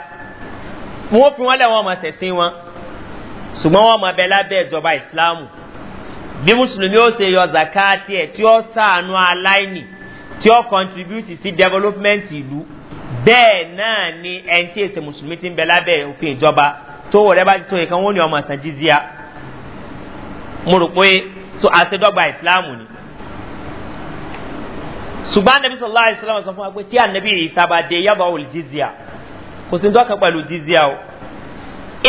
wọ́n fi wọ́n lẹ̀ wọ́n mọ̀ sẹ̀sìn wọn ṣùgbọ́n wọ́n mọ̀ bẹ lábẹ́ ìjọba islam bí mùsùlùmí ó ṣe yọ zakati ẹ̀ tí ó sàánú aláìní tí ó contribute sí development ìlú bẹ́ẹ̀ náà ni ẹni tí èsè mùsùlùmí ti ń bẹ lábẹ́ òfin ìjọba tó wọ̀ rẹ́ bá ti tó wọ́n ní ọmọ sàn mo rò pé so àṣedọ́gba islam ni ṣùgbọ́n anabi sallallahu alayhi wa sallam sọ fún wa pé tí anabi isa bá dé yaba ol jizya kò sí dọ́kà pẹ̀lú jizya o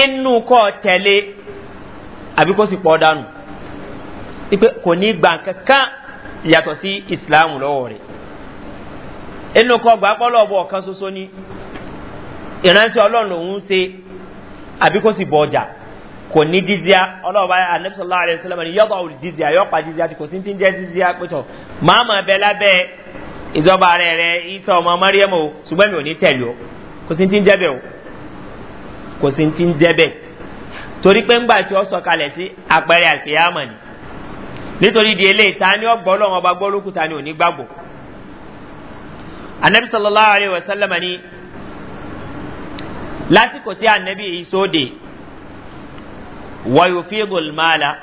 inú kọ́ tẹ̀lé àbí kó sì pọ̀ dànù ipe kò ní gbà kankan yàtọ̀ sí islam lọ́wọ́ rẹ̀ inú kọ́ gbà pọ́lọ́ ọ̀bọ̀ kan ṣoṣo ni ìrántí ọlọ́run lòún ṣe àbí kó sì bọ̀ ọjà. kò ní jizia ọlọ́ọ̀bá anabisọ́lá ah, alẹ́sọ́lámà ni yọ́bà òrì jizia yọ́pa jizia ti kò sí ti ń jẹ́ jizia pẹ̀tọ̀ máàmù ẹ̀bẹ̀ lábẹ́ ìjọba rẹ̀ ìtọ̀ ọmọ mariam o ṣùgbọ́n mi ò ní tẹ̀lé o kò sí ti ń o kò sí ti ń torí pé ńgbà ni nítorí di eléyìí ta ni ọba gbọ́ ni ò ní gbàgbọ́ anabi wa yufidul mala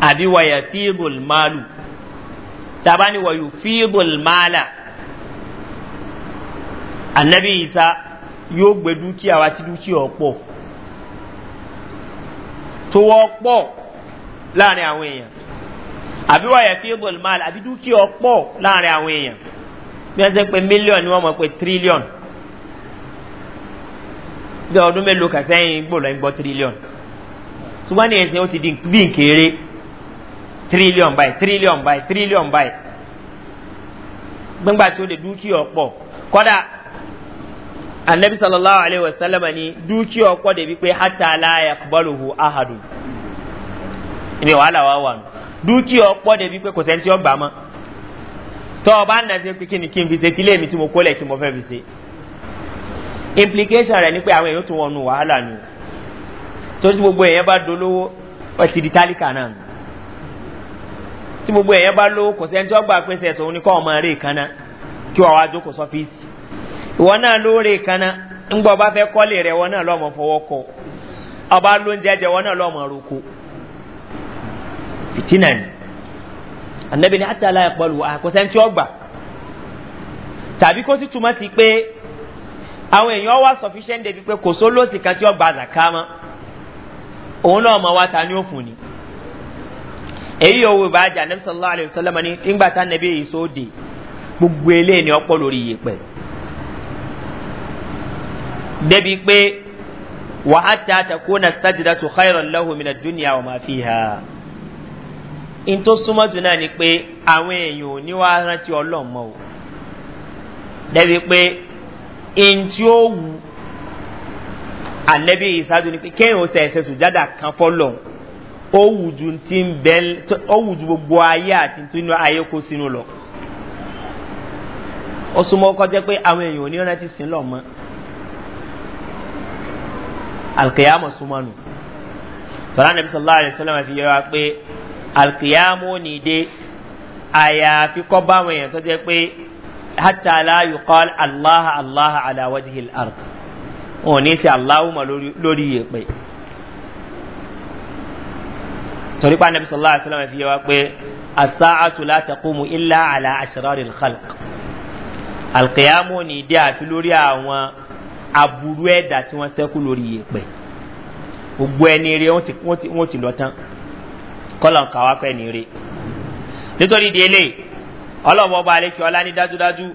àbí wa yafidul malu tabani wa yufidul mala anabi isa yóò gbé dúkìá wa tí dúkìá ọ̀pọ̀ tó wọ́pọ̀ láàrin àwọn èèyàn àbí wa yafidul mala àbí dúkìá ọ̀pọ̀ láàrin àwọn èèyàn bí wọ́n ṣe pé mílíọ̀nù ni wọ́n mọ̀ pé tírílíọ̀nù bí ọdún mélòó kà sẹ́yìn gbòòlò ń gbọ́ tírílíọ̀nù ṣùgbọ́n ní ẹ̀sìn ó ti di bí nkéré tírílíọ̀n báyìí tírílíọ̀n báyìí tírílíọ̀n báyìí gbẹ́ngbà tí ó lè dúkìá ọ̀pọ̀ kọ́dà anabi sallallahu alayhi wa sallam ni dúkìá ọ̀pọ̀ dẹ̀ wípé hata aláya kubaluhu ahadu ibi wàhálà wà wà nù dúkìá ọ̀pọ̀ dẹ̀ wípé kò sẹ́ńtì ọ̀bà mọ́ tọ́ ọ bá nà ṣe pé kí ni kí n fi ṣe kí lèmi tí mo kólẹ̀ kí mo fẹ́ fi ṣe implication rẹ̀ ni pé àwọn èèyàn tún wọnú wàhálà nù. torí tí gbogbo èèyàn bá dolówó wọ́n di tálíkà náà tí gbogbo èèyàn bá lówó kò sẹ́ni tí wọ́n gbà pé ọmọ rè kí wọ́n wá kò sọ́fíìsì ìwọ náà ló rè kaná ńgbọ́ bá fẹ́ kọ́lé rẹ̀ wọ́n náà lọ́mọ fọwọ́ kọ ọba ló ń jẹjẹ wọ́n náà lọ́mọ roko fìtínà ni anabi ni atala ẹ̀pọ̀lù kò sẹ́ni tí wọ́n gbà tàbí kó sì túmọ̀ sí pé àwọn èèyàn wá òun náà mọ̀ wá ta ni ó fún ni èyí yóò wò bàjẹ́ anabi sallallahu alayhi wa sallam ni ńgbà tá nàbí èyí sóò dé gbogbo eléyìí ni ọ̀pọ̀ lórí iye pẹ̀ débi pé wàhátà àtàkùnà sájìdá tó xayọ̀rọ̀ lọ́hùnmínà dúnìá wà máa fi hà n tó náà ni pé àwọn èèyàn ò ní wá rántí ọlọ́mọ o débi pé n ó wù anabi isadu ni pé kéèyàn ó sẹ̀sẹ̀ sùjádà kan fọ́lọ̀ ó wùjú ti ń bẹ́ ó wùjú gbogbo ayé àti tínú ayé kó sínú lọ. ó súnmọ́ kọjá pé àwọn èèyàn ò ní rántí sí lọ mọ́ alkiyama súnmọ́ nù tọ́lá nàbí sọ̀lá àlẹ́ sọ́lá fi yẹ wa pé alkiyama ò ní dé àyàfi kọ́ báwọn èèyàn tó jẹ́ pé hátà aláyùkọ́ aláha aláha aláwájú hìl àrùkù wọn ò ní ṣe aláwùmọ̀ lórí ìyèpẹ̀ torí pa anabi sallallahu alayhi wa sallam fi yẹ wa pé asaatu la taqumu illa ala asirari alkhalq alqiyamu ni dé àfi lórí àwọn aburú ẹ̀dá tí wọ́n sẹ́kù lórí ìyèpẹ̀ gbogbo ẹni rẹ wọ́n ti lọ tán kọ́lọ̀ ń kàwá pẹ́ ni rẹ nítorí délé ọlọ́mọba alẹ́kẹ́ ọlá ní dájúdájú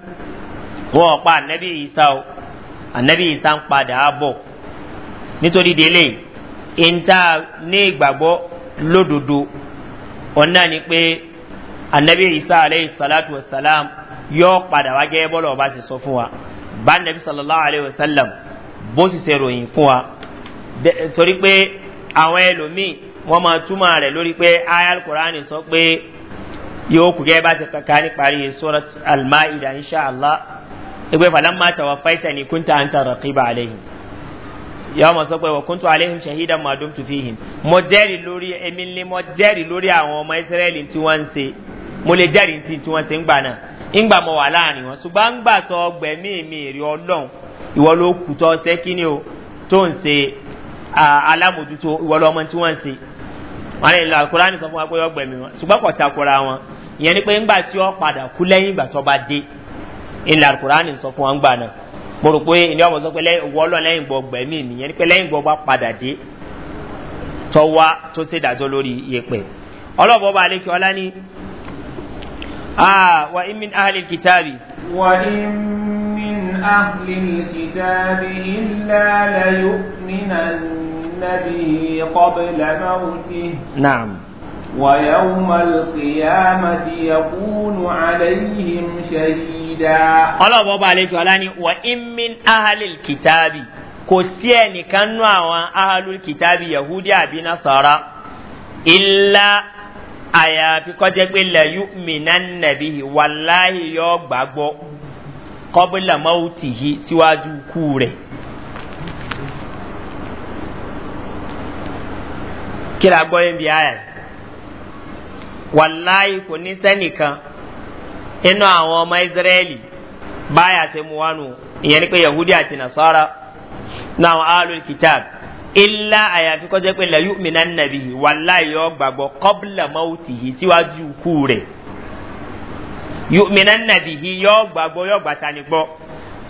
wọn ò pa anabi isa o anabi isa ń padà bọ̀ nítorí délé ìta ní ìgbàgbọ́ lódodo ọ̀nà ni pé anabi isa aleyhi salatu wa salam yóò padà wá gẹ́gẹ́ bọ́lọ̀ ọba sì sọ fún wa bá nàbí sallallahu aleyhi wa sallam bó sì ṣe ròyìn fún wa torí pé àwọn ẹlòmíì wọ́n máa túmọ̀ rẹ̀ lórí pé ayal kùránì sọ pé yóò kù gẹ́gẹ́ bá ti kankan níparí sọ́rọ̀ almaida inṣàlá igbe falamma tawaffaita ni kunta anta raqiba alaihim yàwọn mọ̀ sọ pé wọ́n kúntù aléhùn ṣahídà mọ̀ọ́dún tó fi hìn mo jẹ́rìí lórí èmi lé mo jẹ́rìí lórí àwọn ọmọ ìsírẹ́lì tí wọ́n se mo lè jẹ́rìí tí tí wọ́n se ń gbà náà mo wà láàrin wọn ṣùgbọ́n ń gbà tó gbẹ̀mí mi rí ọlọ́run ìwọ ló kù tó ṣe kí o tó ń se alámòjútó ìwọ lọ ọmọ tí wọ́n se wọn lè lọ alukurani sọ fún wa pé ọgbẹ̀mí wọn ṣùgbọ́n kọ̀ takora wọn ìyẹn ni pé ńgbà tí ọ padà kú lẹ́yìn ìgbà tó bá dé ilẹ̀ alukur'an sọ fún wọn gbà náà mo rò pé ìní ọmọ sọ pé wọ́ọ́lọ́ lẹ́yìn gbọ́ gbẹ̀mí nìyẹn ni pé lẹ́yìn gbọ́ bá padà dé tọ́ wá tó ṣe dàjọ́ lórí iyepẹ̀ ọlọ́bọ̀ bá lékè ọlá ní wa imin ahalil kitabi. wa imin ahalil kitabi illa la yu'minan nabi qabla mawti. naam. ويوم القيامة يكون عليهم شهيد حميدا الله بابا عليك ولاني وإن من أهل الكتاب كسيني كانوا أهل الكتاب يهودي أبي نصارى إلا àyàfi kọjá pé lẹ́yìn mìíràn nàbí wàláhì yọ gbàgbọ́ kọ́bílà mọ́wùtì yìí síwájú kú rẹ̀. kíra gbọ́ yín bí àyà wàláhì kò ní sẹ́nìkan inú àwọn ọmọ israẹli báyà ṣe mu wánu ìyẹn ni pé yahudi àti nasara náà àwọn alu kitab ilá àyàfi kọjá pé lẹyìn mìíràn nàbí wàláyé ọgbàgbọ kọbílà mọ́wùtì yìí síwájú ikú rẹ̀ yóò mìíràn nàbí yìí yọ gbàgbọ́ yọ gbàtà ní gbọ́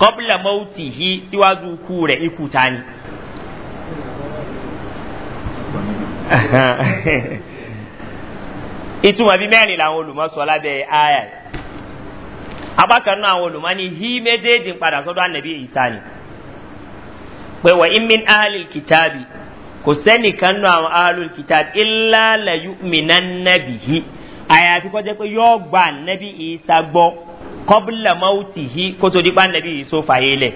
kọbílà mọ́wùtì yìí síwájú ikú rẹ̀ ikú ta ni. (laughs) ìtumọ̀ bíi mẹ́rin làwọn apá kan náà àwọn olùmọ́ni hí méjèèjì padà sọ́dọ̀ ànàbí ìsá ni pé wà ìmín áhàlì kìtàbì kò sẹ́nìkan náà àwọn áhàlì kìtàbì ilá lẹ́yìn mìíràn nàbì hí àyàfi kọjá pé yóò gba ànàbí ìsá gbọ́ kọ́bùlà máwùtì hí kó tó dípa ànàbí ìsó fàyè lẹ̀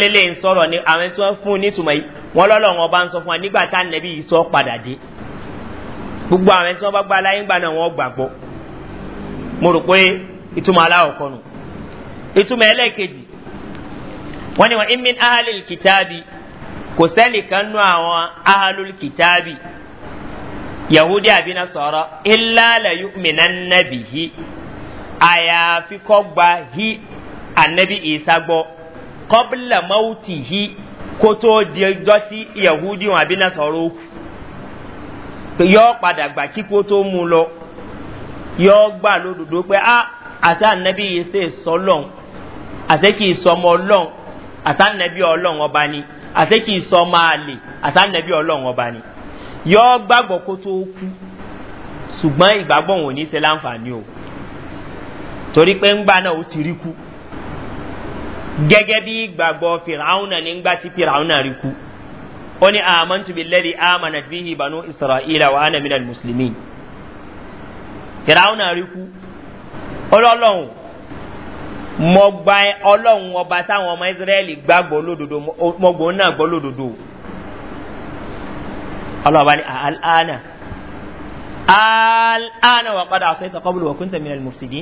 lé lẹ́yìn sọ̀rọ̀ ní àwọn tí wọ́n fún un nítumọ̀ yìí wọ́n lọ́lọ́wọ́n bá ń sọ fún wa nígbà tá ànàbí ìsó padà dé gbogbo àwọn tí wọ́n bá gba aláyé ńgbà náà wọ́n gbàgbọ́ mo rò pé ìtumọ̀ aláwọ̀kọ́ nù ìtumọ̀ ẹlẹ́ẹ̀kejì wọ́n ni wọ́n imin ahalil kitabi kò sẹ́ni kan nù àwọn ahalul kitabi yahudi àbí nasọ̀rọ̀ ilàlẹ̀ yuminan nabihi àyàfi kọ́ gba hi anabi isa gbọ́ kọ́bílà mọ́wùtì hi kó tó yahudi wọn àbí nasọ̀rọ̀ ó kù yọ padà gbà kíkó tó mú lọ yọ gbà ah àti ànábì yìí ṣe sọlọ́n àti kì í sọmọ ọlọ́n àti ànábì ọlọ́n ọba ni àti kì í sọmọ àlè àti ànábì ọlọ́n ọba ni yọ gbàgbọ́ kó tó kú ṣùgbọ́n ìgbàgbọ́ wọn ò ní ṣe láǹfààní o torí pé ńgbà náà ó ti rí kú na bí ìgbàgbọ́ fìràhùnà nígbà tí fìràhùnà rí kú ó ní àmọ́ntúbi lẹ́rí àmàna bíi ìbànú ìsọ̀rọ̀ ìlà wàhánà mílíọ̀nù mùsùlùmí fìràhùnà rí kú ọlọ́lọ́hún mo gba ọlọ́hún ọba táwọn ọmọ israẹli gbàgbọ́ lódodo mo gbọ́ náà gbọ́ lódodo ọlọ́ba ni àlànà àlànà wà padà àṣẹ ìtàkọ́bùlù wọ̀kún tẹ̀mí ẹ̀lì mùsùlùmí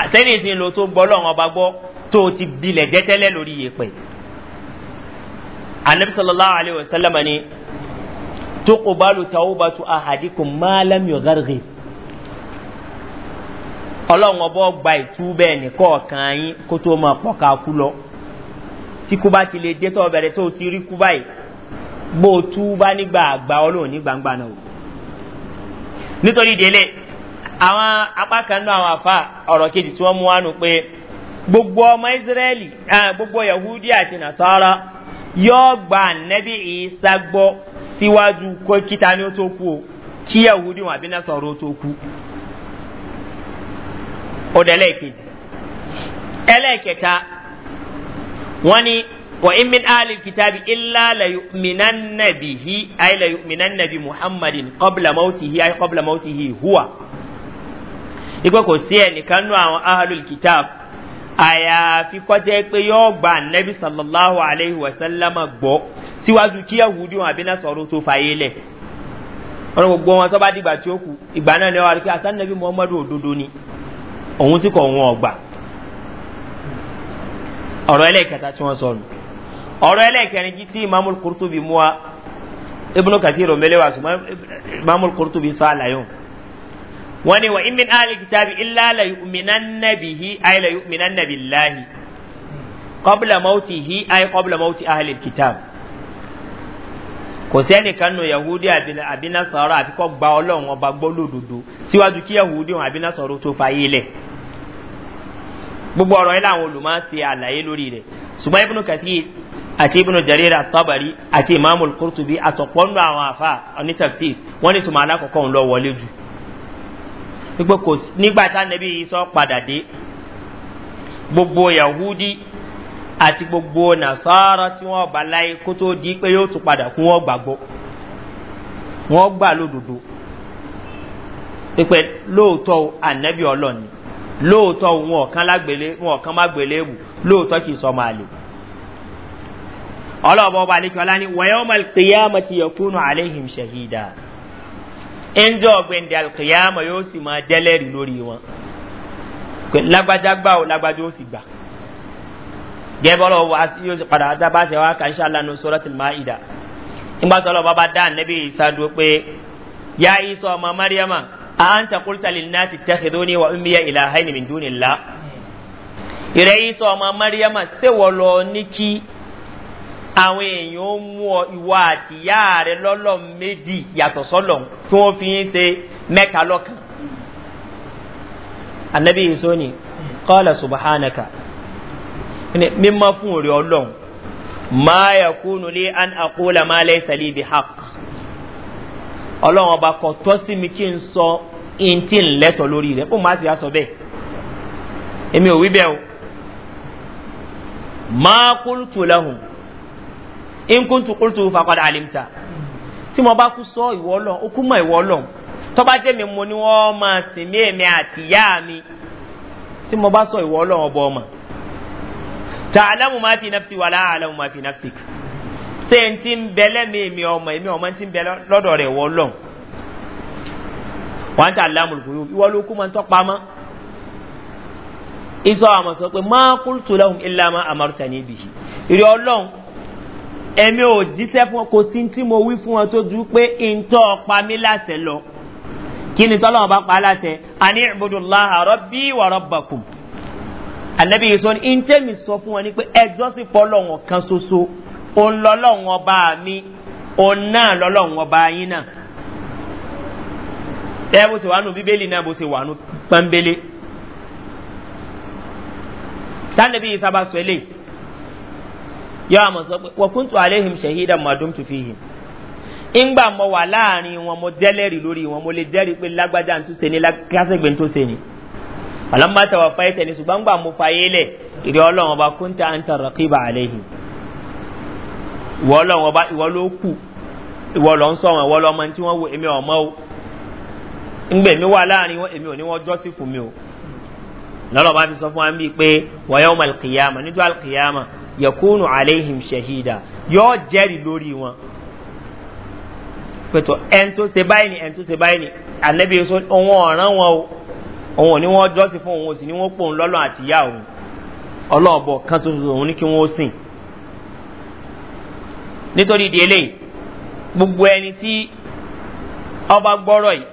àtẹ́ni ìsìn ló tó gbọ́ ọlọ́hún ọba gbọ́ tó ti bilẹ̀ jẹ́tẹ́lẹ̀ lórí yẹpẹ̀ anabi sallallahu alayhi wa sallam ni tukubalu tawubatu ahadikum maalam yogargis ọlọ́run ọbọ̀ gba ìtú bẹ́ẹ̀ nìkọ̀ọ̀kan yín kó tó máa pọ̀ ká kú lọ tí kú bá ti lè dé tó bẹ̀rẹ̀ tó ti rí kú báyìí bó o tú bá nígbà àgbà ọlọ́run ní gbangba náà nítorí délé àwọn apá kan náà àwọn àfa ọ̀rọ̀ kejì tí wọ́n mú wánu pé gbogbo ọmọ israẹli gbogbo yahudi àti nasara yóò gba nẹ́bí ìsá gbọ́ síwájú kó kíta ní ó tó kú o kí yahudi wọn àbí nasara ó tó kú ọ̀dọ̀ ẹlẹ́ẹ̀kejì ẹlẹ́ẹ̀kẹta wọ́n ní wa in min ali kitabi illa la yu'minanna bihi ay la yu'minanna bi muhammadin qabla mautihi ay qabla mautihi huwa ikpe kò sí ẹnìkan nú àwọn ahlul kitab àyàfi kọjá pé yóò gba anabi sallallahu alayhi wa sallam gbọ́ síwájú kí yahudi wọn àbí nasọ̀rọ̀ tó fàyè lẹ̀ wọn gbogbo wọn tó bá dìgbà tí ó kù ìgbà náà ni wọn àti asanabi muhammadu òdodo ni òun sì kọ̀ wọn ọgbà ọ̀rọ̀ ẹlẹ́kẹta tí wọ́n sọnù ọ̀rọ̀ ẹlẹ́kẹrin jí tí imamul kurtubi mú wa ibùdó kàtí rọ̀mẹ́lẹ́ wa ṣùgbọ́n imamul kurtubi sọ àlàyé wọn ni wa imin ali kitabi illa la yu'minan nabihi ay la yu'minan nabillahi qabla mawtihi ay qabla mawti ahli kitab kò sẹ́nìkan nù yahudi àbínasọ̀rọ̀ àfi kọ́ gba ọlọ́run ọba gbọ́ lòdòdó síwájú kí yahudi òun àbínasọ̀rọ̀ tó fàyè lẹ̀ gbogbo ọ̀rọ̀ yìí làwọn olùmọ̀ ṣe àlàyé lórí rẹ̀ ṣùgbọ́n ibùnú kàtí àti ibùnú jarira tọ́bàrí àti ìmáàmù kùrùtùbí àtọ̀pọ̀nù àwọn àfa onítafsir wọ́n ní tùmọ̀ alákọ̀ọ́kọ́ ń lọ wọlé jù nígbà tá nàbí yìí sọ yahudi àti gbogbo nàṣọ́rọ́ tí wọ́n bá láyé kó tó di pé yóò tún padà kún wọ́n gbàgbọ́ wọ́n gbà lódodo pípẹ́ lóòótọ́ ànẹ́bí ọlọ́ni lóòótọ́ wọn ọ̀kan lágbélé wọn ọ̀kan má gbélé wù lóòótọ́ kì í sọ máa lè ọlọ́ọ̀bọ̀ ọba àlekí ọlá ní wọ́yọ́mọ̀ alkiyama ti yọkúnù àlehìm ṣahida ẹnjọ́ ọ̀gbẹ̀ndẹ̀ alkiyama yóò sì máa jẹ́lẹ́rìí lórí wọn lágbájá gbà ó lágbájá ó sì gbà gẹ́bọ́rọ̀ wa yóò sì padà dábàá ṣe wá kan ṣáàlà ní sọ́rọ́tì máìdá nígbà tó lọ bàbá dá níbi ìsádùú pé yá ìsọ ọmọ mariama a ń takultali náà ti tẹ́kẹ̀dọ́ ní wa umiya ìlà haini min dúni la ìrẹ́ ìsọ ọmọ mariama ṣèwọ lọ ní kí àwọn èèyàn ó mú ọ ìwọ àti ìyá rẹ lọ́lọ́ méjì yàtọ̀ sọ́lọ̀ tí wọ́n fi ń ṣe mẹ́ta lọ́kàn anabi ìsọ ni kọ́lá subhanaka mímọ́ fún òrè ọlọ́run máa yẹ kúnnù lé an àkólà máa lẹ́ sàlẹ̀ ibi hàk ọlọ́run ọba kan tọ́ sí mi kí n sọ in tí n lẹ́tọ̀ lórí rẹ̀ kó má sì á sọ bẹ́ẹ̀ èmi ò wí bẹ́ẹ̀ o máa kúrútù lẹ́hùn in kúrútù kúrútù fàkọ́dà àlìmta tí mo bá kú sọ ìwọ ọlọ́run ó kú mọ́ ìwọ ọlọ́run tọ́ba jẹ́ mi mo ni wọ́n máa sìn mí èmi àtìyá mi tí mo bá sọ ìwọ ọlọ́run ọba ọmọ ta'lamu ma fi nafsi wa la a'lamu ma fi nafsik ṣé n ti ń bẹlẹ mi èmi ọmọ èmi ọmọ ti ń bẹ lọdọ rẹ wọ lọ wọn ta lamul kuyu ìwọ ló kú ma ń tọpa mọ isọ àmọ sọ pé máa kú tùlẹ̀hùn ilá ma àmàrúta níbi ìrẹ ọlọ́run èmi ò jíṣẹ́ fún ọ kò sí tí mo wí fún ọ tó dúró pé ìntọ́ ọ̀pá mi láṣẹ lọ kí ni tọ́lọ́wọ́n bá pa á láṣẹ àní ìbùdó láhàrọ́ bí wàrọ́ bàkùn anabi yìí sọ ní ìntẹ́mi sọ fún wọn ni pé ẹjọ́ sì pọ̀ lọ́wọ́ kan ṣoṣo òun lọ́lọ́wọ́ bá mi òun náà lọ́lọ́wọ́ bá yín náà ẹ bó ṣe wà nù bíbélì náà bó ṣe wà nù pọ́nbélé tánàbí yìí sábà sọ eléyìí yọ àmọ̀ sọ pé wọ́kùn tó aléhìm ṣẹ̀hídà mọ̀dún tó fi hìm ńgbà mọ̀ wà láàrin wọn mo jẹ́lẹ́rìí lórí wọn mo lè jẹ́rìí pé lágbájá ń tó ṣe ni ń tó ṣe alamma tawaffaita ni ṣùgbọ́n gbà mo fayé lẹ̀ ìrẹ́ ọlọ́run ọba kúńtà ń tàn rọ̀kìbà àlẹ́yìn ìwọ ọlọ́run ọba ìwọ ló kù ìwọ lọ ń sọ̀rọ̀ ìwọ lọ́mọ tí wọ́n wo èmi ọ̀mọ́ o ńgbè mi wà láàrin wọn èmi ò ní wọ́n jọ́sìn fún mi o lọ́lọ́ bá fi sọ fún wa bíi pé wọ́n yẹ́wọ́n alkiyama níjọ́ alkiyama yakunu aleihim shahida yóò jẹ́rìí lórí wọn pẹ̀tọ́ ẹn tó ṣe báyìí ni ẹn tó ṣe báyìí ni ànábi ọ̀ràn wọn o òun ò ní wọ́n jọ́sí fún òun ò sì ní wọ́n pòun lọ́lọ́ àti ìyá òun ọlọ́ọ̀bọ̀ kan ṣoṣo òun ní kí wọ́n sìn nítorí ìdí eléyìí gbogbo ẹni tí ọba gbọ́rọ̀ yìí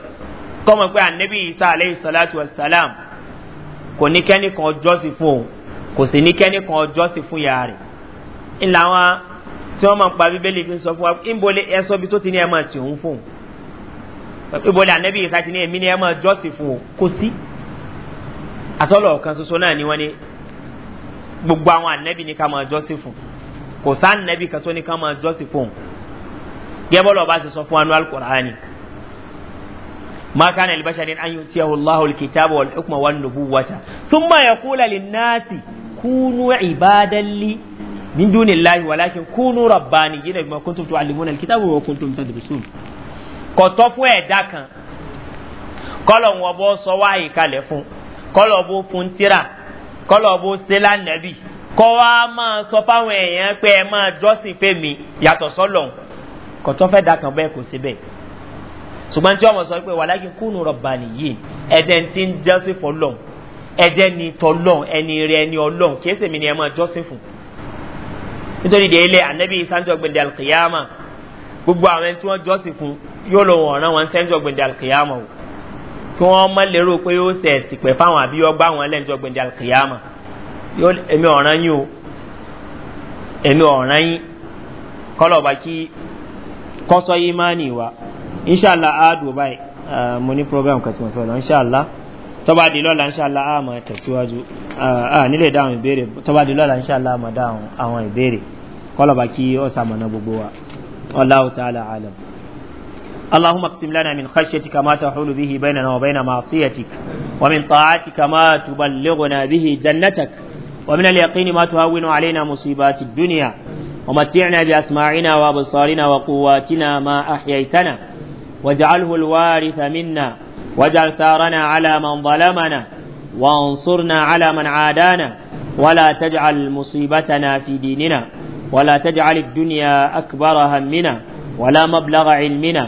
kọ́mọ̀ pé ànẹ́bí isa aleyhi salatu wa salam kò ní kẹ́ni kan jọ́sí fún òun kò sì ní kẹ́ni kan jọ́sí fún ìyá rẹ̀ ńlá wọn tí wọ́n máa ń pa bíbélì fi sọ fún wa ńbo lè bí tó ti ní ẹ máa tì òun fún òun ànẹ́bí isa ti ní èmi ní ẹ máa jọ́sí fún òun kò sí asọ́lọ̀ kan soso náà ni wọ́n ní gbogbo àwọn ànẹ́bì ní ká máa jọ́sìn fún kò sá ànẹ́bì kan tó ní ká máa jọ́sìn fún gẹ́bọ́lọ̀ bá ti sọ fún anú alukur'ani maka na albashari an yi tiyahu allahu alkitabu wal hukma wan nubuwata thumma yaqulu lin nasi kunu ibadalli min dunillahi walakin kunu rabbaniyina bima kuntum tu'allimuna alkitaba wa kuntum tadrusun kò tọ́ fún ẹ̀dá kan kọ́lọ̀ wọn bọ́ sọ wáyé kalẹ̀ fún kọ́lọ̀ bó fún tíra kọ́lọ̀ bó sẹ́lá nàbì kọ́ wa máa sọ fáwọn èèyàn pé ẹ máa jọ́sìn fèmí yàtọ̀ sọ́lọ̀ kọ̀tọ́ fẹ́ da kàn bẹ́ẹ̀ kò sí bẹ́ẹ̀ ṣùgbọ́n tí ọmọ sọ pé wàlákin kúnnù rọ̀bà nìyí ẹ̀dẹ̀ ti ń jọ́sìn fọlọ́n ẹ̀dẹ̀ ni tọlọ́n ẹni rẹ̀ ni ọlọ́n kìí sèmi ni ẹ máa jọ́sìn fún nítorí dé ilé anabi sanjọ gbẹndẹ alkiyama gbogbo àwọn tí wọ́n jọ́sìn fún yóò lọ wọ̀n ọ̀ràn wọn sanjọ gbẹndẹ alkiyama o kí wọ́n mọ́ lérò pé yóò sẹ̀ tìpẹ́ fáwọn àbí ọgbà àwọn ẹlẹ́njọ́ gbẹ̀ndẹ̀ alkiyama èmi ọ̀ràn yín o èmi ọ̀ràn yín kọ́lọ̀bà kí kọ́sọ́ yìí máa nì wá inṣàlá àádùn báyìí mo ní program kan tí mo fẹ́ lọ inṣàlá tọ́ba di lọ́la inṣàlá a máa tẹ̀síwájú nílé dáhùn ìbéèrè tọ́ba di lọ́la inṣàlá a máa dáhùn àwọn ìbéèrè kọ́lọ̀bà kí ọ̀sà gbogbo wa ọ̀làwùtà اللهم اقسم لنا من خشيتك ما تحول به بيننا وبين معصيتك ومن طاعتك ما تبلغنا به جنتك ومن اليقين ما تهون علينا مصيبات الدنيا ومتعنا بأسماعنا وأبصارنا وقواتنا ما أحييتنا واجعله الوارث منا واجعل ثارنا على من ظلمنا وانصرنا على من عادانا ولا تجعل مصيبتنا في ديننا ولا تجعل الدنيا أكبر همنا ولا مبلغ علمنا